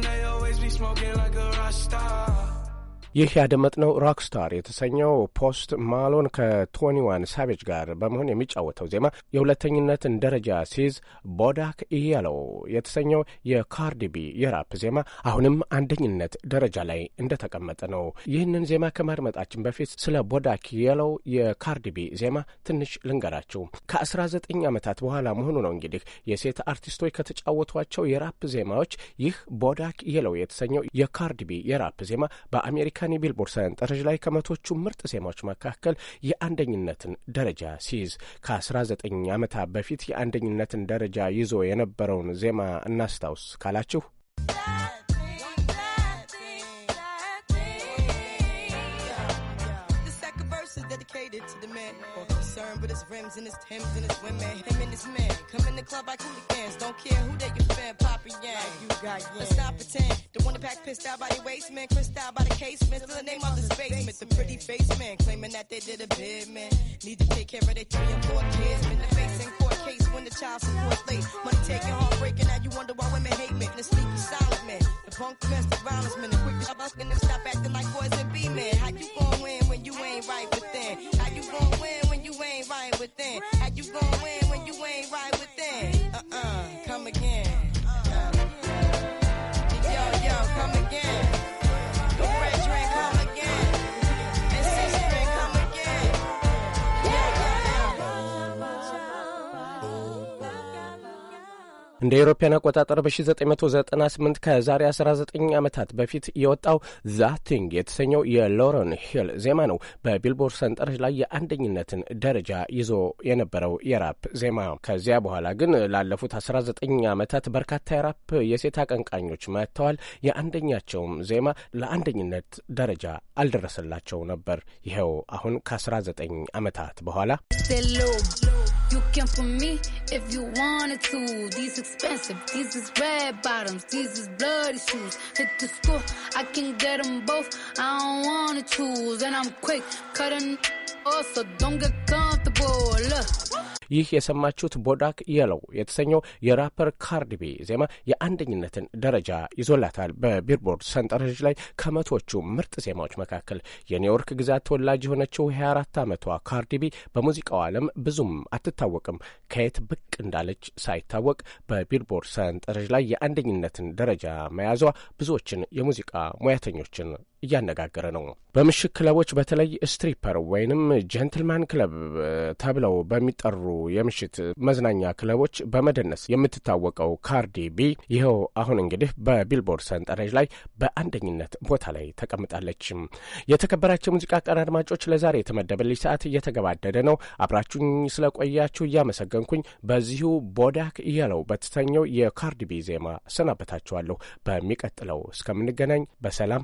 smoking like a rock star. ይህ ያደመጥነው ሮክስታር የተሰኘው ፖስት ማሎን ከቶኒ ዋን ሳቬጅ ጋር በመሆን የሚጫወተው ዜማ የሁለተኝነትን ደረጃ ሲይዝ፣ ቦዳክ እያለው የተሰኘው የካርዲቢ የራፕ ዜማ አሁንም አንደኝነት ደረጃ ላይ እንደተቀመጠ ነው። ይህንን ዜማ ከማድመጣችን በፊት ስለ ቦዳክ የለው የካርዲቢ ዜማ ትንሽ ልንገራችሁ። ከ19 ዓመታት በኋላ መሆኑ ነው እንግዲህ የሴት አርቲስቶች ከተጫወቷቸው የራፕ ዜማዎች ይህ ቦዳክ የለው የተሰኘው የካርዲቢ የራፕ ዜማ በአሜሪካ አሜሪካን የቢልቦርድ ሰንጠረዥ ላይ ከመቶቹ ምርጥ ዜማዎች መካከል የአንደኝነትን ደረጃ ሲይዝ ከ19 ዓመታት በፊት የአንደኝነትን ደረጃ ይዞ የነበረውን ዜማ እናስታውስ ካላችሁ with his rims and his Timbs and his women. Him and his men come in the club like hooligans. Don't care who they defend, Papa Yang. Like you got yeah. Let's not pretend. The one that pack pissed out by your waist, man. Crissed out by the casement. Still the name of this basement. The pretty face man claiming that they did a bid, man. Need to take care of their three and four kids. Been the face in court case when the child support late. Money taking breakin'. Now you wonder why women hate men. The sleepy silent man. The punk domestic violence man. The quick to stop acting like boys and be men. How you gon' win when you ain't right? within. How you gon' win when you ain't right within? Uh uh. እንደ አውሮፓውያን አቆጣጠር በ1998 ከዛሬ 19 ዓመታት በፊት የወጣው ዛቲንግ የተሰኘው የሎረን ሂል ዜማ ነው በቢልቦርድ ሰንጠረዥ ላይ የአንደኝነትን ደረጃ ይዞ የነበረው የራፕ ዜማ። ከዚያ በኋላ ግን ላለፉት 19 ዓመታት በርካታ የራፕ የሴት አቀንቃኞች መጥተዋል። የአንደኛቸውም ዜማ ለአንደኝነት ደረጃ አልደረሰላቸው ነበር። ይኸው አሁን ከ19 ዓመታት በኋላ You can for me if you wanted to. These expensive, these is red bottoms, these is bloody shoes. Hit the school, I can get them both. I don't wanna choose, and I'm quick cutting off, so don't get comfortable. Look. ይህ የሰማችሁት ቦዳክ የለው የተሰኘው የራፐር ካርዲቢ ዜማ የአንደኝነትን ደረጃ ይዞላታል። በቢልቦርድ ሰንጠረዥ ላይ ከመቶቹ ምርጥ ዜማዎች መካከል የኒውዮርክ ግዛት ተወላጅ የሆነችው የ24 ዓመቷ ካርዲቢ በሙዚቃው ዓለም ብዙም አትታወቅም። ከየት ብቅ እንዳለች ሳይታወቅ በቢልቦርድ ሰንጠረዥ ላይ የአንደኝነትን ደረጃ መያዟ ብዙዎችን የሙዚቃ ሙያተኞችን እያነጋገረ ነው። በምሽት ክለቦች በተለይ ስትሪፐር ወይንም ጀንትልማን ክለብ ተብለው በሚጠሩ የምሽት መዝናኛ ክለቦች በመደነስ የምትታወቀው ካርዲ ቢ ይኸው አሁን እንግዲህ በቢልቦርድ ሰንጠረዥ ላይ በአንደኝነት ቦታ ላይ ተቀምጣለች። የተከበራቸው የሙዚቃ ቀን አድማጮች፣ ለዛሬ የተመደበልኝ ሰዓት እየተገባደደ ነው። አብራችሁኝ ስለቆያችሁ እያመሰገንኩኝ በዚሁ ቦዳክ የለው በተሰኘው የካርዲ ቢ ዜማ ሰናበታችኋለሁ። በሚቀጥለው እስከምንገናኝ በሰላም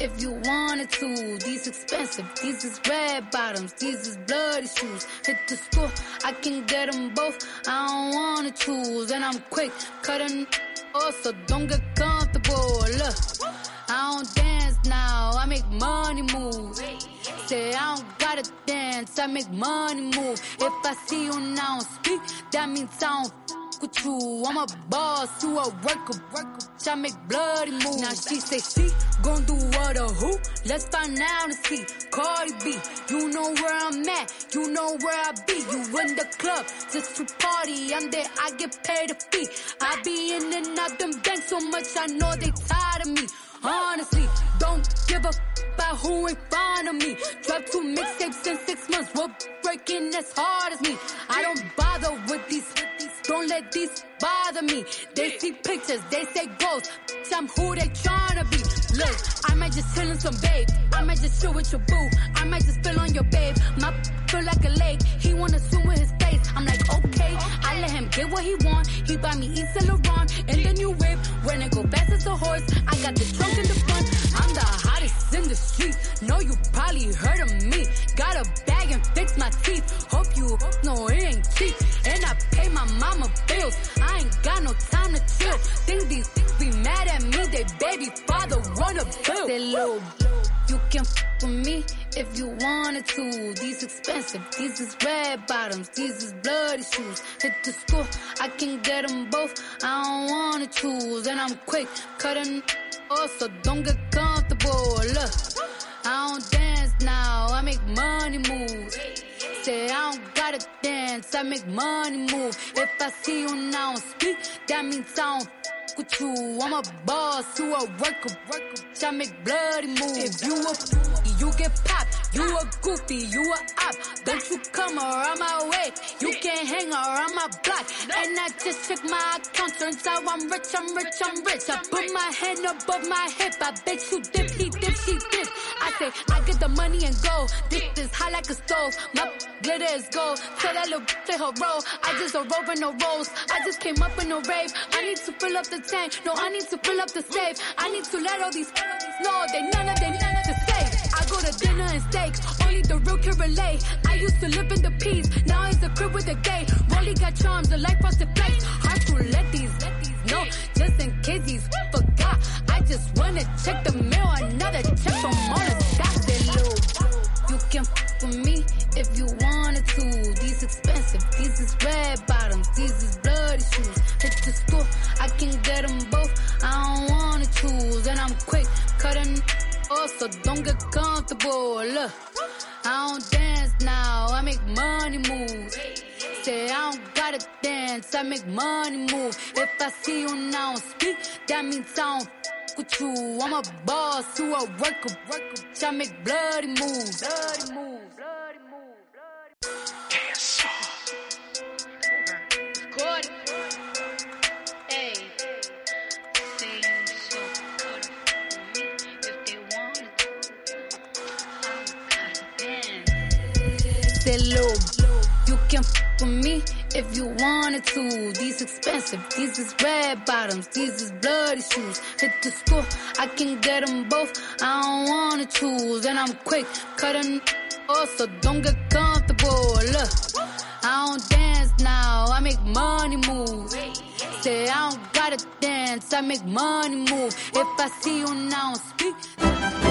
if you wanted to. These expensive, these is red bottoms, these is bloody shoes. Hit the school, I can get them both. I don't wanna choose, and I'm quick cutting off, so don't get comfortable. Look, I don't dance now, I make money moves. I don't gotta dance, I make money move. If I see you now, speak, that means I don't f- with you. I'm a boss, you a worker, worker. I make bloody moves. Now she say she gon' do what or who? Let's find out and see. Cardi B, you know where I'm at, you know where I be. You in the club just to party. I'm there, I get paid a fee. I be in and out them bands so much, I know they tired of me. Honestly, don't give a about who in front of me. Dropped two mixtapes in six months. What breaking as hard as me? I don't bother with these. Don't let these bother me. They see pictures, they say ghosts. I'm who they tryna be. Look, I might just chill in some babe. I might just chill with your boo. I might just spill on your babe. My feel like a lake. He wanna swim with his face. I'm like, okay. I let him get what he want. He buy me East Saint Laurent and the new wave. When it go fast as a horse, I got the trunk in the front. I'm the Bodies in the street. Know you probably heard of me. Got a bag and fix my teeth. Hope you hope no it ain't cheap. And I pay my mama bills. I ain't got no time to chill. Think these things be mad at me. They baby father wanna build That little you can f with me if you wanted to. These expensive, these is red bottoms, these is bloody shoes. Hit the school, I can get them both. I don't wanna choose, and I'm quick cutting off, so don't get comfortable. Look, I don't dance now, I make money moves. Say I don't gotta dance, I make money move. If I see you now speak, that means I don't with you. I'm a boss, who a worker, worker. I make bloody moves. If you a you get popped. You a goofy, you a op. Don't you come around my way. You can't hang around my block. And I just check my account. Turns out I'm rich, I'm rich, I'm rich. I put my hand above my hip. I bet you dipsy, dipsy, dip. I say, I get the money and go. This is hot like a stove. My glitter is gold. Tell that little play her role. I just a rope in no rolls. I just came up in a rave. I need to fill up the tank. No, I need to fill up the safe. I need to let all these know they none of them, none of the safe go to dinner and steak. Only the real can relate. I used to live in the peace. Now it's a crib with a gay. Rolly got charms, a life the place. Hard to let these, let these know. Just in case he's forgot. I just wanna check the mail. Another check from all the doctor low. You can f with me if you wanted to. These expensive, these is red bottoms, these is bloody shoes. Hit the store, I can get them both. I don't wanna choose, and I'm quick cutting. Oh, so don't get comfortable. Look, I don't dance now, I make money move. Say, I don't gotta dance, I make money move. If I see you now speak, that means I don't with you. I'm a boss who a worker, worker. I make bloody moves. Bloody move. Bloody move. Bloody move. Dance. that low. You can f with me if you wanted to. These expensive, these is red bottoms, these is bloody shoes. Hit the score, I can get them both. I don't wanna choose, and I'm quick cutting off, so don't get comfortable. Look, I don't dance now, I make money move. Say I don't gotta dance, I make money move. If I see you now, speak.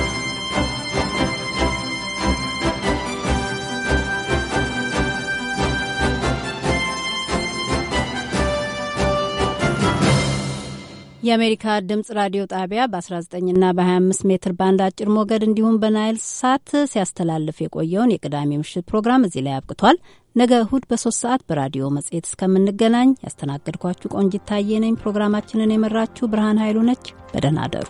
የአሜሪካ ድምጽ ራዲዮ ጣቢያ በ19ና በ25 ሜትር ባንድ አጭር ሞገድ እንዲሁም በናይል ሳት ሲያስተላልፍ የቆየውን የቅዳሜ ምሽት ፕሮግራም እዚህ ላይ አብቅቷል። ነገ እሁድ በሶስት ሰዓት በራዲዮ መጽሔት እስከምንገናኝ ያስተናገድኳችሁ ቆንጂት ታየ ነኝ። ፕሮግራማችንን የመራችሁ ብርሃን ኃይሉ ነች። በደህና አደሩ።